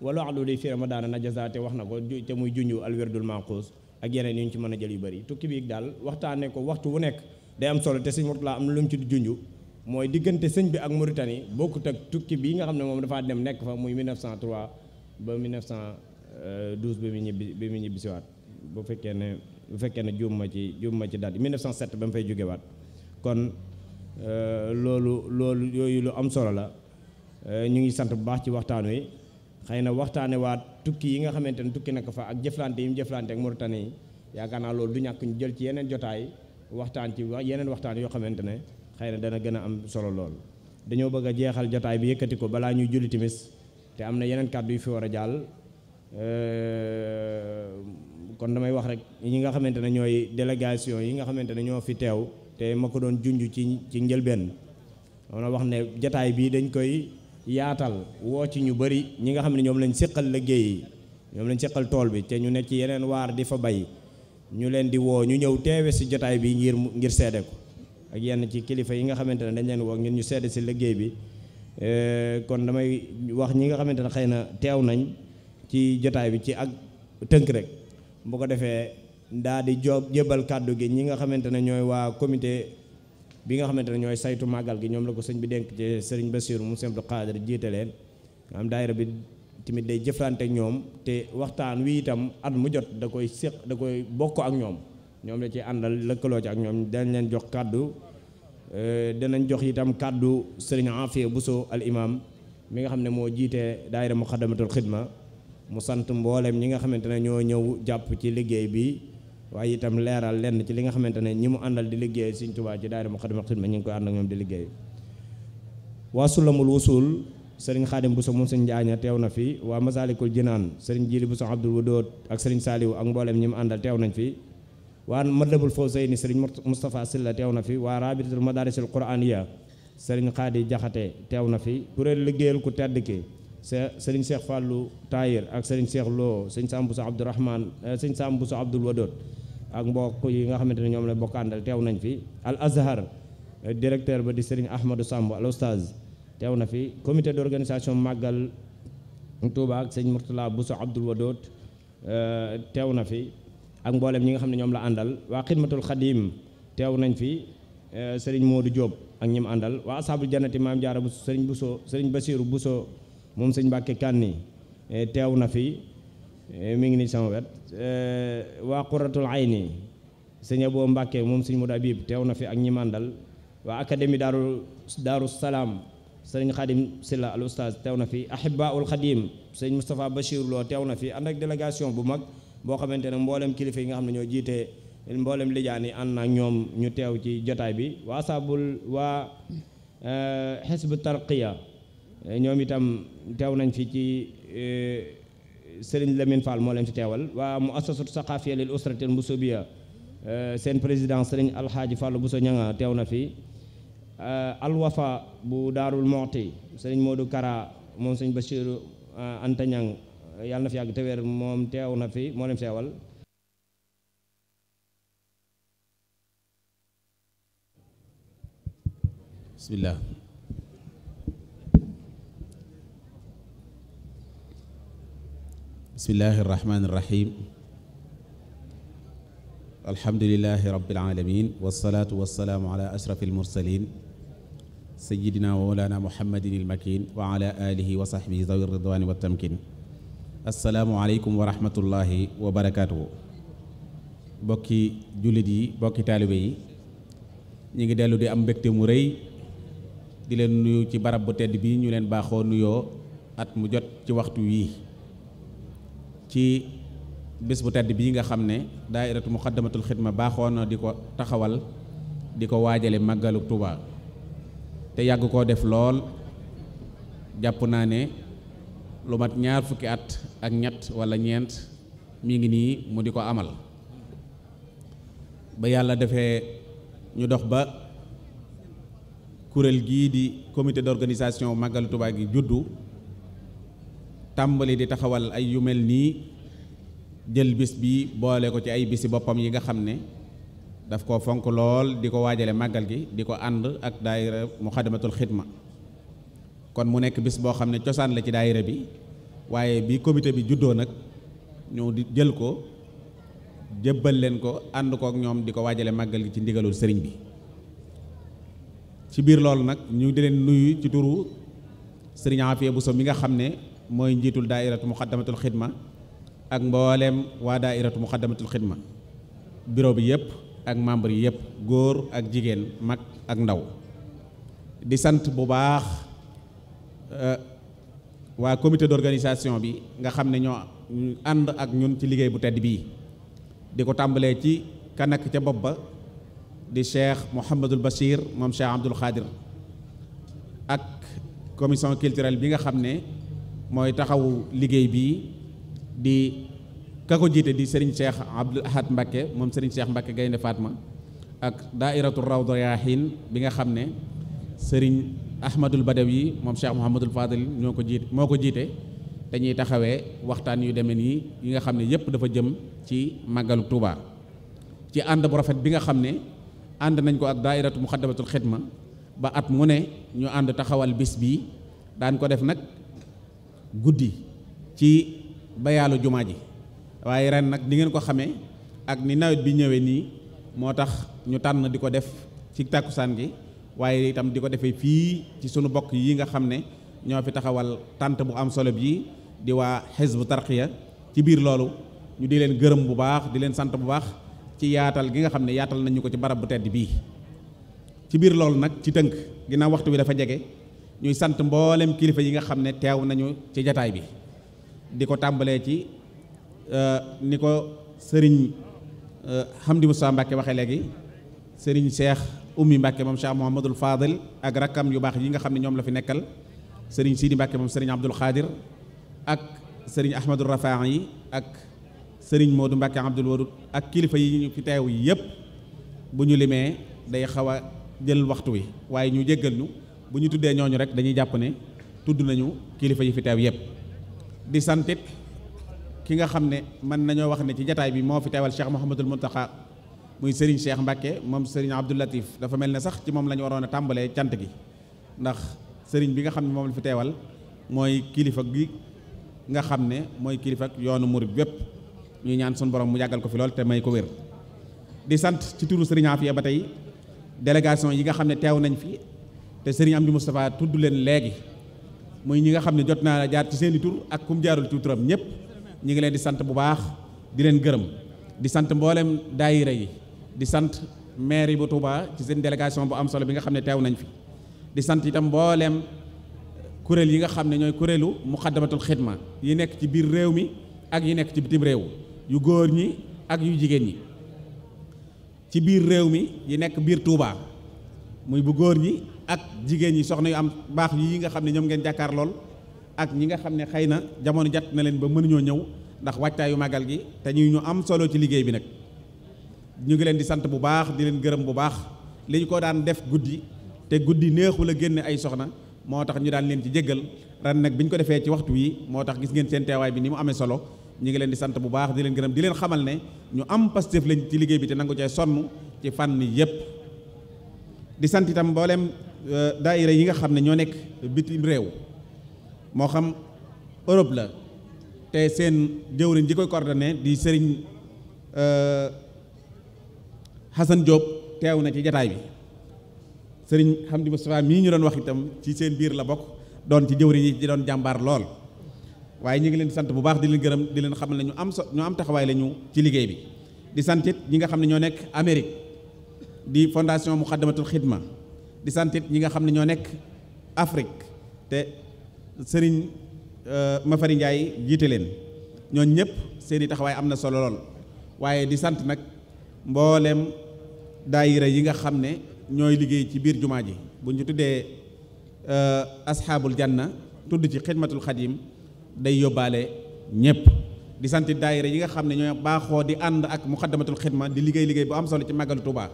wala wax li fii ramadaana na jaza te wax na ko te muy junju alwerdul manqus ak yeneen yu ñu ci mën a jël yu bëri tukki bii daal waxtaanee ko waxtu wu nekk day am solo te si laa am na lu mu ci junju mooy diggante sëñ bi ak Mauritanie bokkut ak tukki bii nga xam ne moom dafaa dem nekk fa muy 1903 ba 1912 ba mu ñibbi ba mu ñibbisiwaat bu fekkee ne bu fekkee ne juum ma ci juum ma ci date 1907 ba mu fay jógewaat kon euh, loolu loolu yooyu lu am solo la euh, ñu ngi sant bu baax ci waxtaan wi xëy na waxtaane waat tukki yi nga xamante ne tukki na ko fa ak jëflante yi mu jëflante ak Mauritanie yi yaakaar naa loolu du ñàkk ñu jël ci yeneen jotaay waxtaan ci yeneen waxtaan yoo xamante ne xëy na dana gën a am solo lool dañoo bëgg a jeexal jataay bi yëkkati ko balaa ñuy julli timis te am na yeneen kàddu yu fi war a jàll kon damay wax rek ñi nga xamante ne ñooy délégation yi nga xamante ne ñoo fi teew te ma ko doon junju ci ci njëlbeen na wax ne jataay bii dañ koy yaatal woo ci ñu bari ñi nga xam ne ñoom lañ séqal liggéey yi ñoom lañ séqal tool bi te ñu nekk ci yeneen waar di fa bay ñu leen di woo ñu ñëw teewe si jataay bi ngir ngir seede ko ak yenn ci kilifa yi nga xamante ne dañ leen woo ngeen ñu sedd si liggéey bi eh, kon damay wax ñi nga xamante ne xëy na teew nañ ci jotaay bi ci ak tënk rek bu ko defee daa di jo jébbal kàddu gi ñi nga xamante ne ñooy waa comité bi nga xamante ne ñooy saytu màggal gi ñoom la ko sëñ bi dénk ci sëriñ Bassirou mu simple xaadir jiite leen am daayira bi tamit day jëflante ñoom te waxtaan wi itam at mu jot da koy séq da koy bokk ak ñoom ñoom la ci àndal lëkkaloo ci ak ñoom dañ leen jox kàddu euh, danañ jox itam kàddu sëriñ Afia Bousso al imam mi nga xam ne moo jiitee daayira muxaddamatul xidma mu sant mbooleem ñi nga xamante ne ñoo ñëw jàpp ci liggéey bi waaye itam leeral lenn ci li nga xamante ne ñi mu àndal di liggéey Sëriñ Tuubaa ci daayira muxaddamatul xidma ñu ngi koy ànd ak ñoom di liggéey waa sulamul wusul sëriñ xaadim Bousso mu sëriñ Njaaña teew na fi waa masalikul jinaan sëriñ Jili Bousso Abdul Wadood ak sëriñ Saaliw ak mbooleem ñi mu àndal teew nañ fi waa Matlabul Fawzayni sëriñ Moustapha Silla teew na fi waa Rabitatul Madarisil Quraniya sëriñ Xaadi Jaxate teew na fi kuréel liggéeyal ku tedd ki sëriñ Cheikh Fallou Tahir ak sëriñ Cheikh Lo sëñ Sambu Sa Abdourahman eh, sëñ Sambu Sa Abdoul Wadod ak mbokk yi nga xamante ne ñoom la bokkandal teew nañ fi Al Azhar eh, directeur ba di sëriñ Ahmadou Samb al Oustaz teew na fi comité d'organisation màggal Touba ak sëñ Mourtala Bousso Abdoul Wadod eh, teew na fi ak mboolem ñi nga xam ne ñoom la àndal waa xidmatul xadim teew nañ fi eh, sëriñ moodu Diop ak ñi mu àndal waa asaabul jannati maam jaara bu sëriñ Bousso sëriñ Basiiru Bousso moom sëñ Mbàkke Kanni eh, teew na fi eh, mi ngi ni sama wet waa quratul ayni sëñ Aboo Mbàkke moom sëñ Modou Habib teew na fi ak ñi mu àndal waa académie daaru daaru salaam sëriñ Xadim Silla al oustaz teew na fi ahibaul xadim sëñ Moustapha Bachir Lo teew na fi ànd ak délégation bu mag boo xamante ne mboolem kilifa yi nga xam ne ñoo jiite mboolem lijaan yi ànd na ñoom ñu teew ci jotaay bi waa saabul waa xisbu eh, tarqiya ñoom itam teew nañ fi ci eh, Serigne lemin Fall moo leen fi teewal waa mu assasatu saqaafiya lil usratil musubiya eh, seen président Serigne Alxaaji Fàllu Buso Ñanga teew na fi alwafa bu daarul moxti Serigne Modou Kara moom Serigne Bachiru Anta Ñang yàlla na fi yàgg te wér moom teew na fi moo leen seewal bismillah bismillahi irrahmani irrahim alhamdulilahi rabbil alamin wasalaatu wasalaamu ala ashraf almursalin sayidina wa mawlana muhammadin almakin wa ala alihi wa sahbihi zawi ridwani wa tamkin asalaamualeykum wa rahmatullahi wa barakaatuhu bokki jullit yi bokki taalibe yi ñu ngi dellu di am mbégte mu rëy di leen nuyu ci barab bu tedd bii ñu leen baaxoo nuyoo at mu jot ci waxtu wii ci bés bu tedd bii nga xam ne daairatu muqaddamatul xidma baaxoo na di ko taxawal di ko waajale màggalu Tuuba te yàgg koo def lool jàpp naa ne lu ñaar fukki at ak ñett walla ñeent mi ngi nii mu di ko amal ba yàlla defee ñu dox ba kuréel gii di comité d'organisation màggal Tuubaa gi juddu tàmbali di taxawal ay yu mel nii jël bis bi boole ko ci ay bisi boppam yi nga xam ne daf koo fonk lool di ko waajale màggal gi di ko ànd ak daayira Muxaddamatul Xidma kon mu nekk bis boo xam ne cosaan la ci daayira bi waaye bi comité bi juddoo nag ñu di jël ko jébbal leen ko ànd kook ñoom di ko waajale màggal gi ci ndigalul sëriñ bi ci biir loolu nag ñu di leen nuyu ci turu sëriñ Afia Bousso bi nga xam ne mooy njiitul daairatu muxaddamatul xidma ak mbooleem waa daairatu muxaddamatul xidma bureau bi yëpp ak membre yi yëpp góor ak jigéen mag ak ndaw di sant bu baax Euh, waa comité d'organisation bi nga xam ne ñoo ànd ak ñun ci liggéey bu tedd bii di ko tàmbalee ci ka ca bopp ba di cheikh Mouhamadul Bachir moom cheikh Abdoul Khadir ak commission culturelle bi nga xam ne mooy taxawu liggéey bii di ka ko jiite di sëriñ Cheikh Abdoul Ahad Mbacké moom Serigne Cheikh Mbacké Gaynde Fatma ak daairatul Rawda Yaahin bi nga xam ne Serigne Ahmadul yi moom Cheikh Mouhamadul Fadil ñoo ko jiit moo ko jiite dañuy taxawee waxtaan yu demee nii yi nga xam ne yëpp dafa jëm ci màggalu tubaa ci ànd bu rafet bi nga xam ne ànd nañ ko ak daairatu muxaddamatul xidma ba at mu ne ñu ànd taxawal bis bii daan ko def nag guddi ci bayaalu jumaa ji waaye ren nag di ngeen ko xamee ak ni nawet bi ñëwee nii moo tax ñu tànn di ko def ci tàkkusaan gi waaye itam di ko defee fii ci sunu bokk yi nga xam ne ñoo fi taxawal tànt bu am solo bii di waa xisbu tarqiya ci biir loolu ñu di leen gërëm bu baax di leen sant bu baax ci yaatal gi nga xam ne yaatal nañu ko ci barab bu tedd bii ci biir loolu nag ci tënk ginnaaw waxtu bi dafa jege ñuy sant mboolem kilifa yi nga xam ne teew nañu ci jataay bi di ko tàmbalee ci euh, ni ko sëriñ euh, Hamdi Moussa Mbacke waxee léegi sëriñ seex ummi Mbàkke moom Cheikh Mouhamadul Fadil ak rakkam yu baax yi nga xam ne ñoom la fi nekkal sëriñ Sidi Mbàkke moom sëriñ Abdul Xaadir ak sëriñ Ahmadou Rafaa yi ak sëriñ Modou Mbàkke Abdul Wadud ak kilifa yi ñu fi teew yépp bu ñu limee day xaw a jël waxtu wi waaye ñu jéggal ñu bu ñu tuddee ñooñu rek dañuy jàpp ne tudd nañu kilifa yi fi teew yépp di santit ki nga xam ne mën nañoo wax ni ci jataay bi moo fi teewal Cheikh Mouhamadul Muntaxa muy Serigne Cheikh Mbacke moom Serigne Abdou Latif dafa mel ne sax ci moom lañu waroona waroon a tàmbalee cant gi ndax Serigne bi nga xam ne moom la fi teewal mooy kilifa gi nga xam ne mooy kilifa yoonu murid bépp ñu ñaan suñu borom mu yàggal ko fi lool te may ko wér. di sant ci turu Serigne Afia ba tey délégation yi nga xam ne teew nañ fi te Serigne Amdi Moustapha tudd leen léegi muy ñi nga xam ne jot naa jaar ci seen i tur ak kum jaarul ci turam ñëpp ñu ngi leen di sant bu baax di leen gërëm di sant maire bu Touba ci seen délégation bu am solo bi nga xam ne teew nañ fi di sant itam mbooleem kuréel yi nga xam ne ñooy kuréelu mu muxaddamatul xidma yi nekk ci biir réew mi ak yi nekk ci bitim réew yu góor ñi ak yu jigéen ñi ci biir réew mi yi nekk biir Touba muy bu góor ñi ak jigéen ñi soxna yu am baax yi nga xam ne ñoom ngeen jàkkaar lool ak ñi nga xam ne xëy na jamono jàtt na leen ba mënuñoo ñëw ndax wàccaayu màggal gi te ñuy ñu am solo ci liggéey bi nag ñu ngi leen di sant bu baax di leen gërëm bu baax li ñu ko daan def guddi te guddi neexul a génne ay soxna moo tax ñu daan leen ci jéggal ran nag bi ñu ko defee ci waxtu wi moo tax gis ngeen seen teewaay bi ni mu amee solo ñu ngi leen di sant bu baax di leen gërëm di leen xamal ne ñu am pastef lañ ci liggéey bi te nangu cee sonn ci fànn yépp di sant itam mboolem euh, daayira yi nga xam ne ñoo nekk bitim réew moo xam Europe la te seen jëwriñ ji koy coordonné di sëriñ Xasan Diop teew na ci jataay bi sëriñ Hamdi Moustapha mii ñu doon wax itam ci seen biir la bokk doon ci jëwriñ yi di doon jàmbaar lool waaye ñu ngi leen sant bu baax di leen gërëm di leen xamal ne ñu am so ñu am taxawaay la ñu liggéey bi di santit ñi nga xam ne ñoo nekk Amérique di fondation Muqaddamatul Xidma di santit ñi nga xam ne ñoo nekk Afrique te sëriñ euh, Mafari Ndiaye jiite leen ñooñ ñëpp seen i taxawaay am na solo lool waaye di sant nag mboolem daayira yi nga xam ne ñooy liggéey ci biir jumaa ji bu ñu tuddee euh, asxaabul na tudd ci xidmatul xadim day yóbbaale ñépp di sant daayira yi nga xam ne ñooy baaxoo di ànd ak muxaddamatul xidma di liggéey liggéey bu am solo ci màggalu tubaa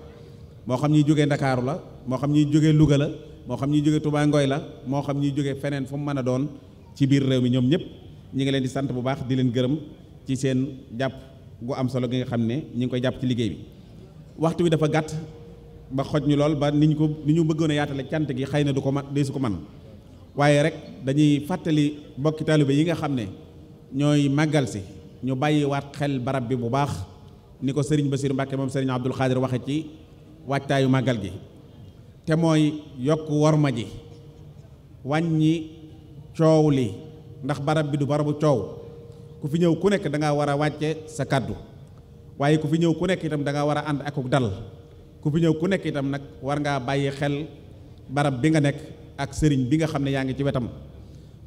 moo xam ñuy jógee ndakaaru la moo xam ñuy jóge luga la moo xam ñuy jóge Touba Ngoy la moo xam ñuy jógee feneen fu mu mën a doon ci biir réew mi ñoom ñëpp ñu ngi leen di sant bu baax di leen gërëm ci seen jàpp gu am solo gi nga xam ne ñi ngi koy jàpp ci liggéey waxtu wi dafa gàtt ba xoj ñu lool ba ni ñu ko ñu bëggoon a yaatale cant gi xëy na du ko man dee su ko man waaye rek dañuy fàttali mbokki taalibe yi nga xam ne ñooy màggal si ñu bàyyi waat xel barab bi bu baax ni ko sëriñ Basiru Mbàkke moom sëriñ Abdul Xaadir waxe ci waajtaayu màggal gi te mooy yokk worma ji wàññi coow li ndax barab bi du barabu coow ku fi ñëw ku nekk danga war a wàcce sa kàddu waaye ku fi ñëw ku nekk itam da war a ànd akuk dal ku fi ñëw ku nekk itam nag war ngaa bàyyi xel barab bi nga nekk ak sëriñ bi nga xam ne yaa ngi ci wetam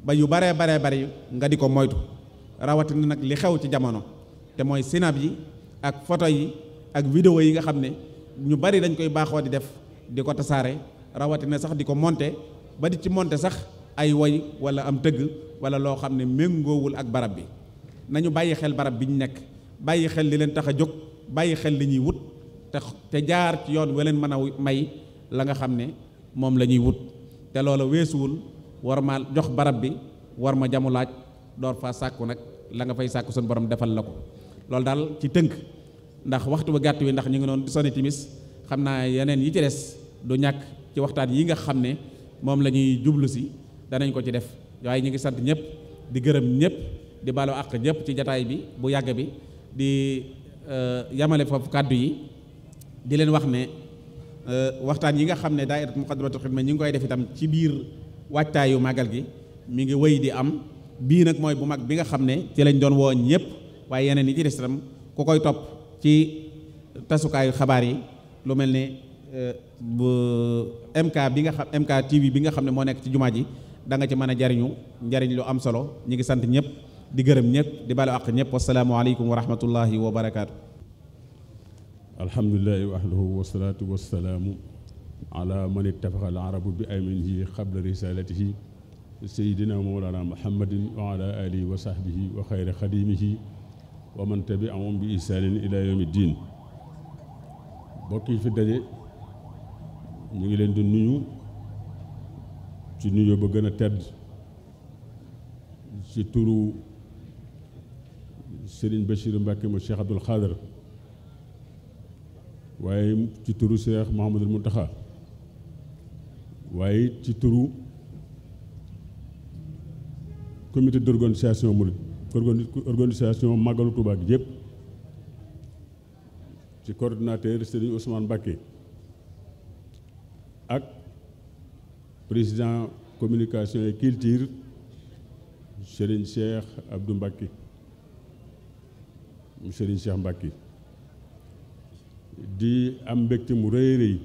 ba yu baree baree bari nga di ko moytu rawatina nag li xew ci jamono te mooy sinaab yi ak photo yi ak vidéo yi nga xam ne ñu bari dañ koy baaxoo di def di ko tasaare rawatina sax di ko monter ba di ci monte sax ay woy wala am tëgg wala loo xam ne méngoowul ak barab bi nañu bàyyi xel barab bi ñu nekk bàyyi xel li leen tax a jóg bàyyi xel li ñuy wut te te jaar ci yoon wi leen mën a may la nga xam ne moom la ñuy wut te loola weesuwul war ma jox barab bi war ma jamu laaj door fa sàkku nag la nga fay sàkku suñu borom defal la ko loolu daal ci tënk ndax waxtu bu gàtt wi ndax ñu ngi doon di sone timis xam naa yeneen yi ci des du ñàkk ci waxtaan yi nga xam ne moom la ñuy jublu si danañ ko ci def waaye ñu ngi sant ñëpp di gërëm ñëpp di baalu àq ñëpp ci jataay bi bu yàgg bi di euh, yamale foofu kàddu yi di leen wax ne euh, waxtaan yi nga xam ne daayira Muqaddamatul Xidma ñi ngi koy def itam ci biir waajtaayu màggal gi mi ngi wéy di am bii nag mooy bu mag bi nga xam ne ci lañ doon woo ñëpp waaye yeneen yi ci des itam ku koy topp ci tasukaayu xabaar yi lu mel ne euh, bu MK bi nga xam MK TV bi nga xam ne moo nekk ci jumaa ji danga nga ci mën a jariñu njariñ lu am solo ñi ngi sant ñëpp di gërëm ñëpp di balu àq ñëpp wasalaamualeykum wa rahmatullahi wa barakaatu. alhamdulilahi wahdahu wasalaatu wasalaamu ala man ittafaqa al arabu bi aminihi qabla risalatihi sayidina mawlana muhammadin wa ala alihi wa sahbihi wa xayri xadimihi wa man tabiahum bi ihsaanin ila yawmi diin mbokk yi fi daje ñu ngi leen di nuyu ci nuyu ba gën a tedd ci turu Serigne Bachir Mbacke mu Cheikh Abdoul Khader waaye ci turu Cheikh mu taxa waaye ci turu comité d'organisation Mouride organisation Magalu Touba gi yëpp ci coordinateur Serigne Ousmane Mbacke ak président communication et culture Serigne Cheikh Abdou Mbacke mu Serigne Cheikh Mbacke di am mbégte mu rëy rëy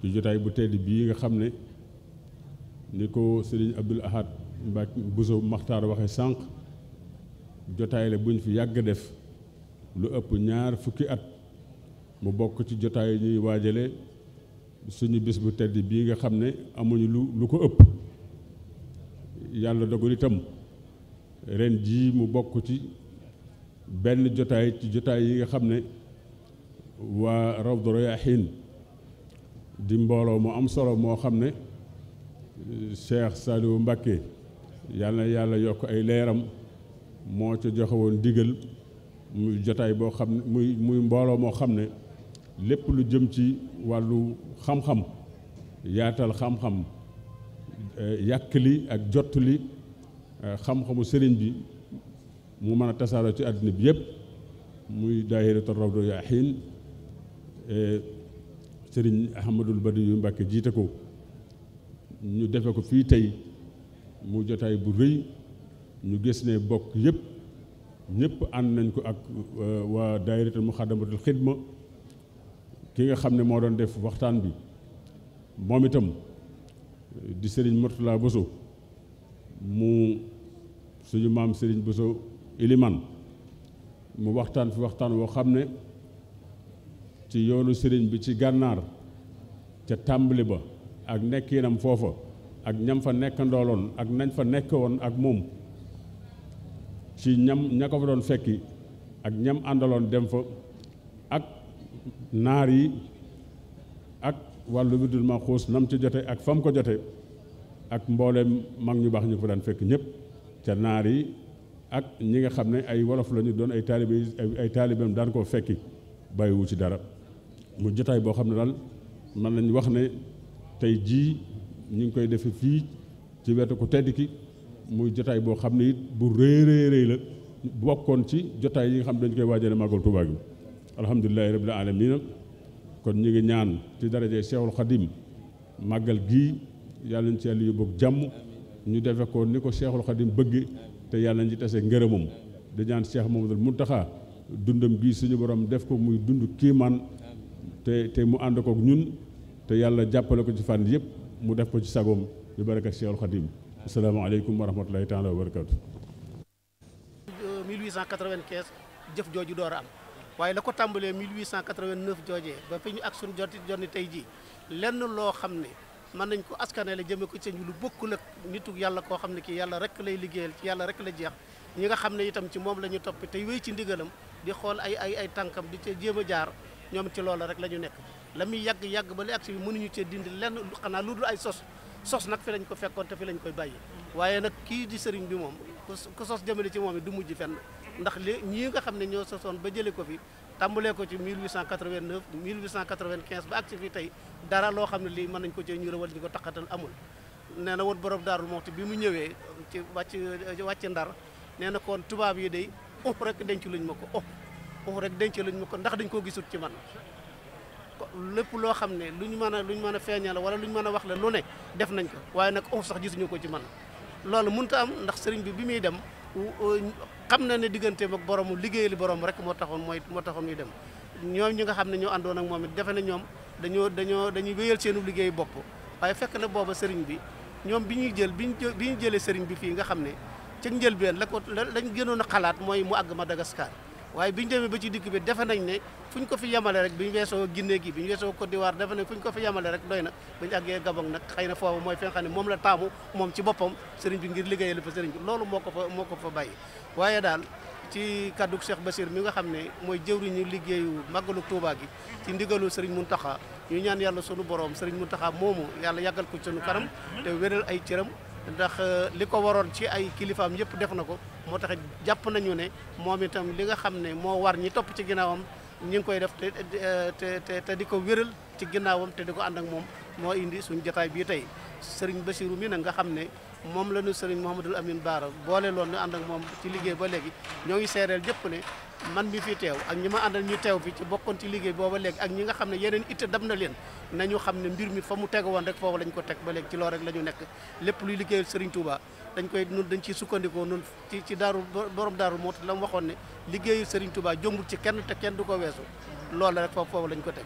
ci jotaay bu tedd bii nga xam ne ni ko Serigne Abdoul Ahad Mbacke Bousso Makhtar waxe sànq jotaay la buñ fi yàgg def lu ëpp ñaar fukki at mu bokk ci jotaay ñuy waajale suñu bis bu tedd bii nga xam ne amuñu lu lu ko ëpp yàlla dogal itam ren jii mu bokk ci benn jotaay ci jotaay yi nga xam ne waa Rawdu Rayaahiin di mbooloo mu am solo moo xam ne Cheikh Saliou Mbacké yàlla na yàlla yokk ay leeram moo ca joxe woon digal muy jotaay boo xam ne muy muy mbooloo moo xam ne lépp lu jëm ci wàllu xam-xam yaatal xam-xam eh, yàq li ak jot li eh, xam-xamu sëriñ bi mu mën a tasaaroo ci àddina bi yëpp muy daahiratu rawdu yaaxiin e sëriñ Ahmadul Badiyu Mbàkke jiite ko ñu defe ko fii tey mu jotaay bu rëy ñu gis ne bokk yëpp ñëpp ànd nañ ko ak e, waa daahiratul muxaddamatul xidma ki nga xam ne moo doon def waxtaan bi moom itam di sëriñ Murtala Boso mu suñu maam sëriñ Boso iliman mu waxtaan fi waxtaan woo xam ne ci yoonu sëriñ bi ci gànnaar ca tàmbali ba ak nekkinam foofa ak ñam fa nekk ak nañ fa nekke woon ak moom ci ñam ña ko fa doon fekki ak ñam àndaloon dem fa ak naar yi ak wàllu wirdul ma xuus nam ci jote ak fam ko jote ak mbooleem mag ñu baax ñu ko daan fekk ñépp ca naar yi ak ñi nga xam ne ay wolof la doon ay taalibe ay taalibeem daan koo fekki bàyyiwu ci dara mu jotaay boo xam ne daal man nañ wax ne tey jii ñu ngi koy defe fii ci wetu ko tedd ki muy jotaay boo xam ne it bu rëy rëy rëy la bokkoon ci jotaay yi nga xam ne dañ koy waajale màggal Tuubaa gi alhamdulilahi rabbil alamina kon ñu ngi ñaan ci daraje Seexul Xadim màggal gii yàlla ñu ci yàlla jàmm ñu defe ni ko Seexul Xadim bëgge te yàlla nañ ci tase ngërëmam di ñaan Cheikh Mamadou Mountakha dundam bii suñu borom def ko muy dund kiimaan te te mu ànd kook ñun te yàlla jàppale ko ci fànn yëpp mu def ko ci sagoom bi barakat Cheikhul Khadim asalaamaaleykum wa rahmatulahi taala wa barakatu 1895 jëf jooju door a am waaye la ko tàmbalee 1889 joojee ba fi ñu ak suñ joti jonni tey ji lenn loo xam ne mën nañ ko askanale jëme ko ci ñu lu nag ñu nitu yàlla koo xam ne kii yàlla rek lay liggéeyal ci yàlla rek la jeex ñi nga xam ne itam ci moom lañu ñu topp tey wéy ci ndigalam di xool ay ay ay tànkam di ca jéem a jaar ñoom ci loola rek la ñu nekk la muy yàgg-yàgg ba li agsi bi mënuñu cee dindi lenn xanaa lu dul ay sos sos nag fi lañ ko fekkoon te fi lañ koy bàyyi waaye nag kii di sëriñ bi moom ku sos jëmale ci moom it du mujj fenn ndax li ñii nga xam ne ñoo sosoon ba jële ko fi tàmbalee ko ci 1889 1895 ba ak ci fii tey dara loo xam ne lii mën nañ ko cee ñuulal wala ñu ko taqatal amul nee na woon borom daarul moxti bi mu ñëwee ci wàcc wàcc ndar nee na kon tubaab yi day ux rek denc luñ ma ko ux ux rek denc luñ ma ko ndax dañ koo gisut ci man lépp loo xam ne luñ mën a luñ mën a feeñal wala luñ mën a wax la lu ne def nañ ko waaye nag ux sax gisuñu ko ci man loolu mënut a am ndax sëriñ bi bi muy dem xam na ne digganteem ak boromu liggéeyali borom rek moo taxoon mooy moo taxoon muy dem ñoom ñi nga xam ne ñoo àndoon ak moom it defe na ñoom dañoo dañoo dañuy wéyal seenu liggéey bopp waaye fekk na booba sëriñ bi ñoom bi ñuy jël bi ñu jëlee sëriñ bi fii nga xam ne ca njëlbeen la ko lañ gënoon a xalaat mooy mu àgg Madagascar waaye bi ñu demee ba ci dikk bi defe nañ ne fu ñu ko fi yemale rek bi ñu weesoo Guinée gi bi ñu weesoo Côte d'Ivoire waar nañ fu ñu ko fi yemale rek doy na ba ñu àggee Gabon nag xëy na foofu mooy fi ne moom la taamu moom ci boppam sëriñ bi ngir liggéeyal fa sëriñ bi loolu moo ko fa moo ko fa bàyyi waaye daal ci kaddu Cheikh Bassir mi nga xam ne mooy jëwriñu liggéeyu màggalu Touba gi ci ndigalu sëriñ mu Mountakha ñu ñaan yàlla sunu boroom sëriñ mu Mountakha moomu yàlla yàggal ko sunu kanam te ay cëram ndax eh, li ko waroon ci ay kilifaam yëpp def na ko moo tax jàpp nañu ne moom itam li nga xam ne moo war ñi topp ci ginnaawam ñi ngi koy def te te te te di ko wéral ci ginnaawam te di ko ànd moom moo indi suñu jotaay bii tey sëriñ Bassirou mi nag nga xam ne moom la ñu sëriñ Mouhamadul Amine Baara boole loon ñu ànd ak moom ci liggéey ba léegi ñoo ngi seereel jëpp ne man mi fi teew ak ñi ma àndal ñu teew fi ci bokkoon ci liggéey booba léegi ak ñi nga xam ne yeneen itte dab na leen nañu xam ne mbi mi fa mu tegu woon rek foofu lañ ko teg ba léegi ci rek la nekk lépp luy liggéeyal sëriñ dañ koy nun dañ ciy sukkandikoo nun ci ci daaru borom daaru moo tax la mu waxoon ne liggéeyu Serigne Touba jombul ci kenn te kenn du ko weesu loolu rek foofu foofu lañ ko teg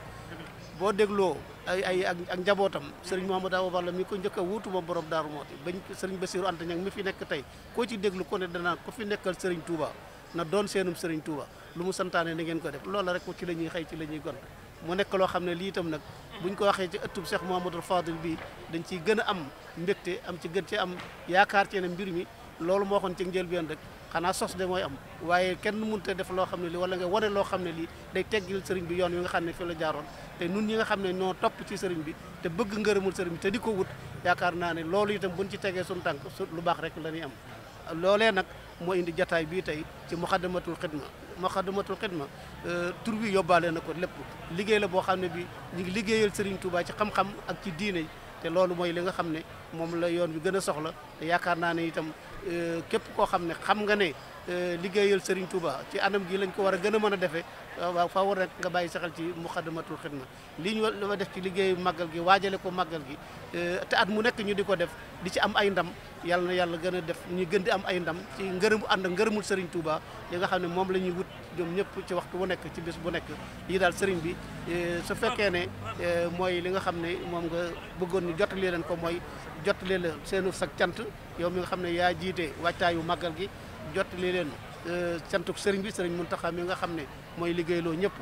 boo dégloo ay ay ak njabootam Serigne a Awa la mi ko njëkk a wuutu borom daaru moo tax bañ Serigne Bassirou Anta Niang mi fi nekk tey koo ci déglu ko ne danaa ko fi nekkal Serigne Touba na doon seenum Serigne Touba lu mu santaanee na ngeen ko def loolu rek ci la ñuy xëy ci la ñuy gont mu nekk loo xam ne lii nag bu ñu ko waxee ci ëttub Cheikh Mouhamadul Fadil bii dañ ciy gën a am mbégte am ci gën ci am yaakaar ci ne mbir mi loolu moo xoon ci njëlbeen rek xanaa sos de mooy am waaye kenn mënut def loo xam ne li wala nga wane loo xam ne lii day teggil sëriñ bi yoon wi nga xam ne fi la jaaroon te nun ñi nga xam ne ñoo topp ci sëriñ bi te bëgg ngërëmul sëriñ bi te di ko wut yaakaar naa ne loolu itam buñ ci tegee suñu tànk lu baax rek la ñuy am loolee nag moo indi jataay bii tey ci muxaddamatul xidma ma Khidma euh, tur bi yóbbaale na ko lépp liggéey la boo xam ne bi ñu ngi liggéeyal Serigne Touba ci xam-xam ak ci diine te loolu mooy li nga xam ne moom la yoon bi gën a soxla te yaakaar naa ne itam euh, képp koo xam ne xam nga ne euh, liggéeyal Serigne Touba ci anam gi lañ ko war a gën a mën a defee waaw faaw rek nga bàyyi saxal ci muqaddamatul xidma lii ñu la def ci liggéeyu màggal gi waajale ko màggal gi euh, te at mu nekk ñu di ko def di ci am ay ndam yàlla na yàlla gën a def ñu gën di am ay ndam ci ngërëmu ànd ngërëmul sëriñ Touba li nga xam ne moom la ñuy wut ñoom ñëpp ci waxtu bu nekk ci bés bu nekk lii daal sëriñ bi euh, su fekkee ne euh, mooy li nga xam ne moom nga bëggoon ñu jotalee leen ko mooy jotalee la seenu sag cant yow mi nga xam ne yaa jiite waajtaayu màggal gi jotalee leen Euh, cantuk sëriñ bi sëriñ Muntaxa mi nga xam ne mooy liggéeyloo ñëpp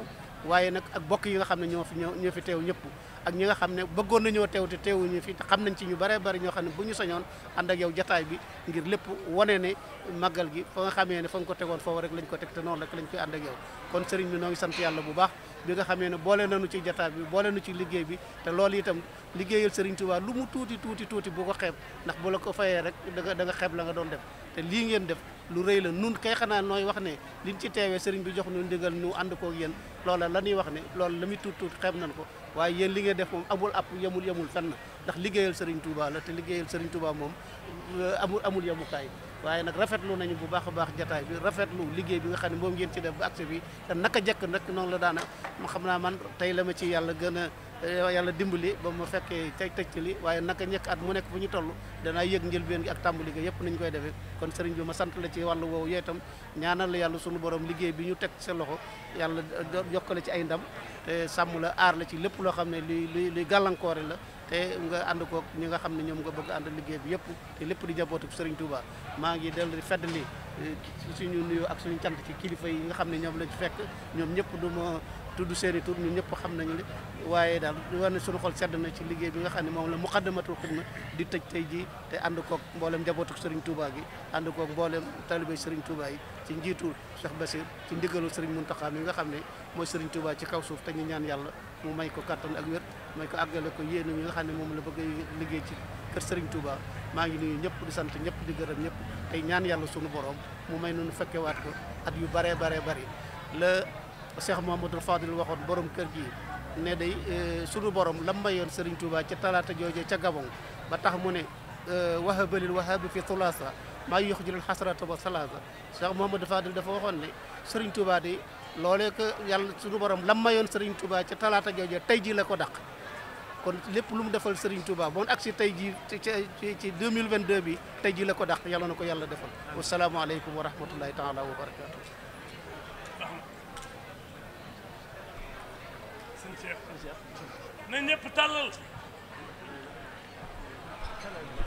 waaye nag ak bokk yi nga xam ne ñoo fi ñoo fi teew ñëpp ak ñi nga xam ne bëggoon nañoo teew te teewuñu fi xam nañ ci ñu bare bari ñoo xam ne bu ñu sañoon ànd yow jataay bi ngir lépp wane ne màggal gi fa nga xamee ne fa ko tegoon foofu rek lañ ko teg te noonu rek lañ koy yow kon sëriñ bi noo sant yàlla bu baax bi nga xamee ne boole nañu ci jataay bi boole ci liggéey bi te loolu itam liggéeyal sëriñ Tuubaa lu mu tuuti tuuti tuuti bu ko xeeb ndax bu la ko fayee rek da nga da la nga doon def te lii ngeen def lu rëy la nun kay xanaa nooy wax ne li liñ ci teewee sëriñ bi jox nu ndigal nu ànd koog yéen loola la ñuy wax ne loolu la muy tuut tuut xeeb nañ ko waaye yéen li ngeen def moom abul ab yemul yemul fenn ndax liggéeyal sëriñ Touba la te liggéeyal sëriñ Touba moom amul amul yemukaay waaye nag rafetlu nañu bu baax a baax jataay bi rafetlu liggéey bi nga xam ne moom ngeen ci def ba accès bi te naka jekk nag noonu la daana ma xam naa man tey la ma ci yàlla gën a eh, yàlla dimbali ba mu fekkee tey tëj ci li waaye naka njëkk at mu nekk bu ñu toll danaa yëg njëlbeen gi ak tàmbali gi yëpp nañ koy defee kon sëriñ bi ma la ci wàllu woowu yooyu itam ñaanal yàlla sunu borom liggéey bi ñu teg sa loxo yàlla jokkale eh, ci ay ndam te sàmm la aar la ci lépp loo xam ne luy luy luy gàllankoore la te nga ànd kook ñi nga xam ne ñoom nga bëgg ànd liggéey bi yëpp te lépp di jabootu Serigne Touba maa ngi dellu di fedd li eh, suñu nuyoo ak suñu cant ci kilifa yi nga xam ne ñoom lañ ci fekk ñoom ñëpp du ma tudd seeni tur ñun ñëpp xam nañu li waaye daal war na suñu xol sedd na ci liggéey bi nga xam ne moom la muqaddamatul xidma di tëj tey jii te ànd kook mboolem jabootu Serigne Touba gi ànd kook mboolem talibé Serigne Touba yi ci njiitu Cheikh Bassir ci mun tax am mi nga xam ne mooy Serigne Touba ci kaw suuf te ñu ñaan yàlla mu may ko kattan ak wér may ko àggale ko yéen ñi nga xam ne moom la bëgg liggéey ci kër Serigne Touba maa ngi nuyu ñëpp di sant ñëpp di gërëm ñëpp tey ñaan yàlla sunu borom mu may nu waat ko at yu baree baree bari la Cheikh Mamadou lu waxoon borom kër gi ne day e, sunu borom la mayoon sëriñ Touba ca talaata jooje ca Gabon ba tax mu ne e, wahabalil wahab fi tulaasa maa yuxjilul xasrata wa salaasa Cheikh Mamadou Fadil dafa waxoon ne Serigne Touba de loolee que yàlla sunu baram lam mayoon Serigne Touba ca talaata jooju tey jii la ko dàq kon lépp lu mu defal Serigne Touba ba mu agsi tey jii ci ci ci 2022 bi tey jii la ko dàq yàlla na ko yàlla defal wasalaamaaleykum wa rahmatullahi taala wa barakaatu. na ñëpp tàllal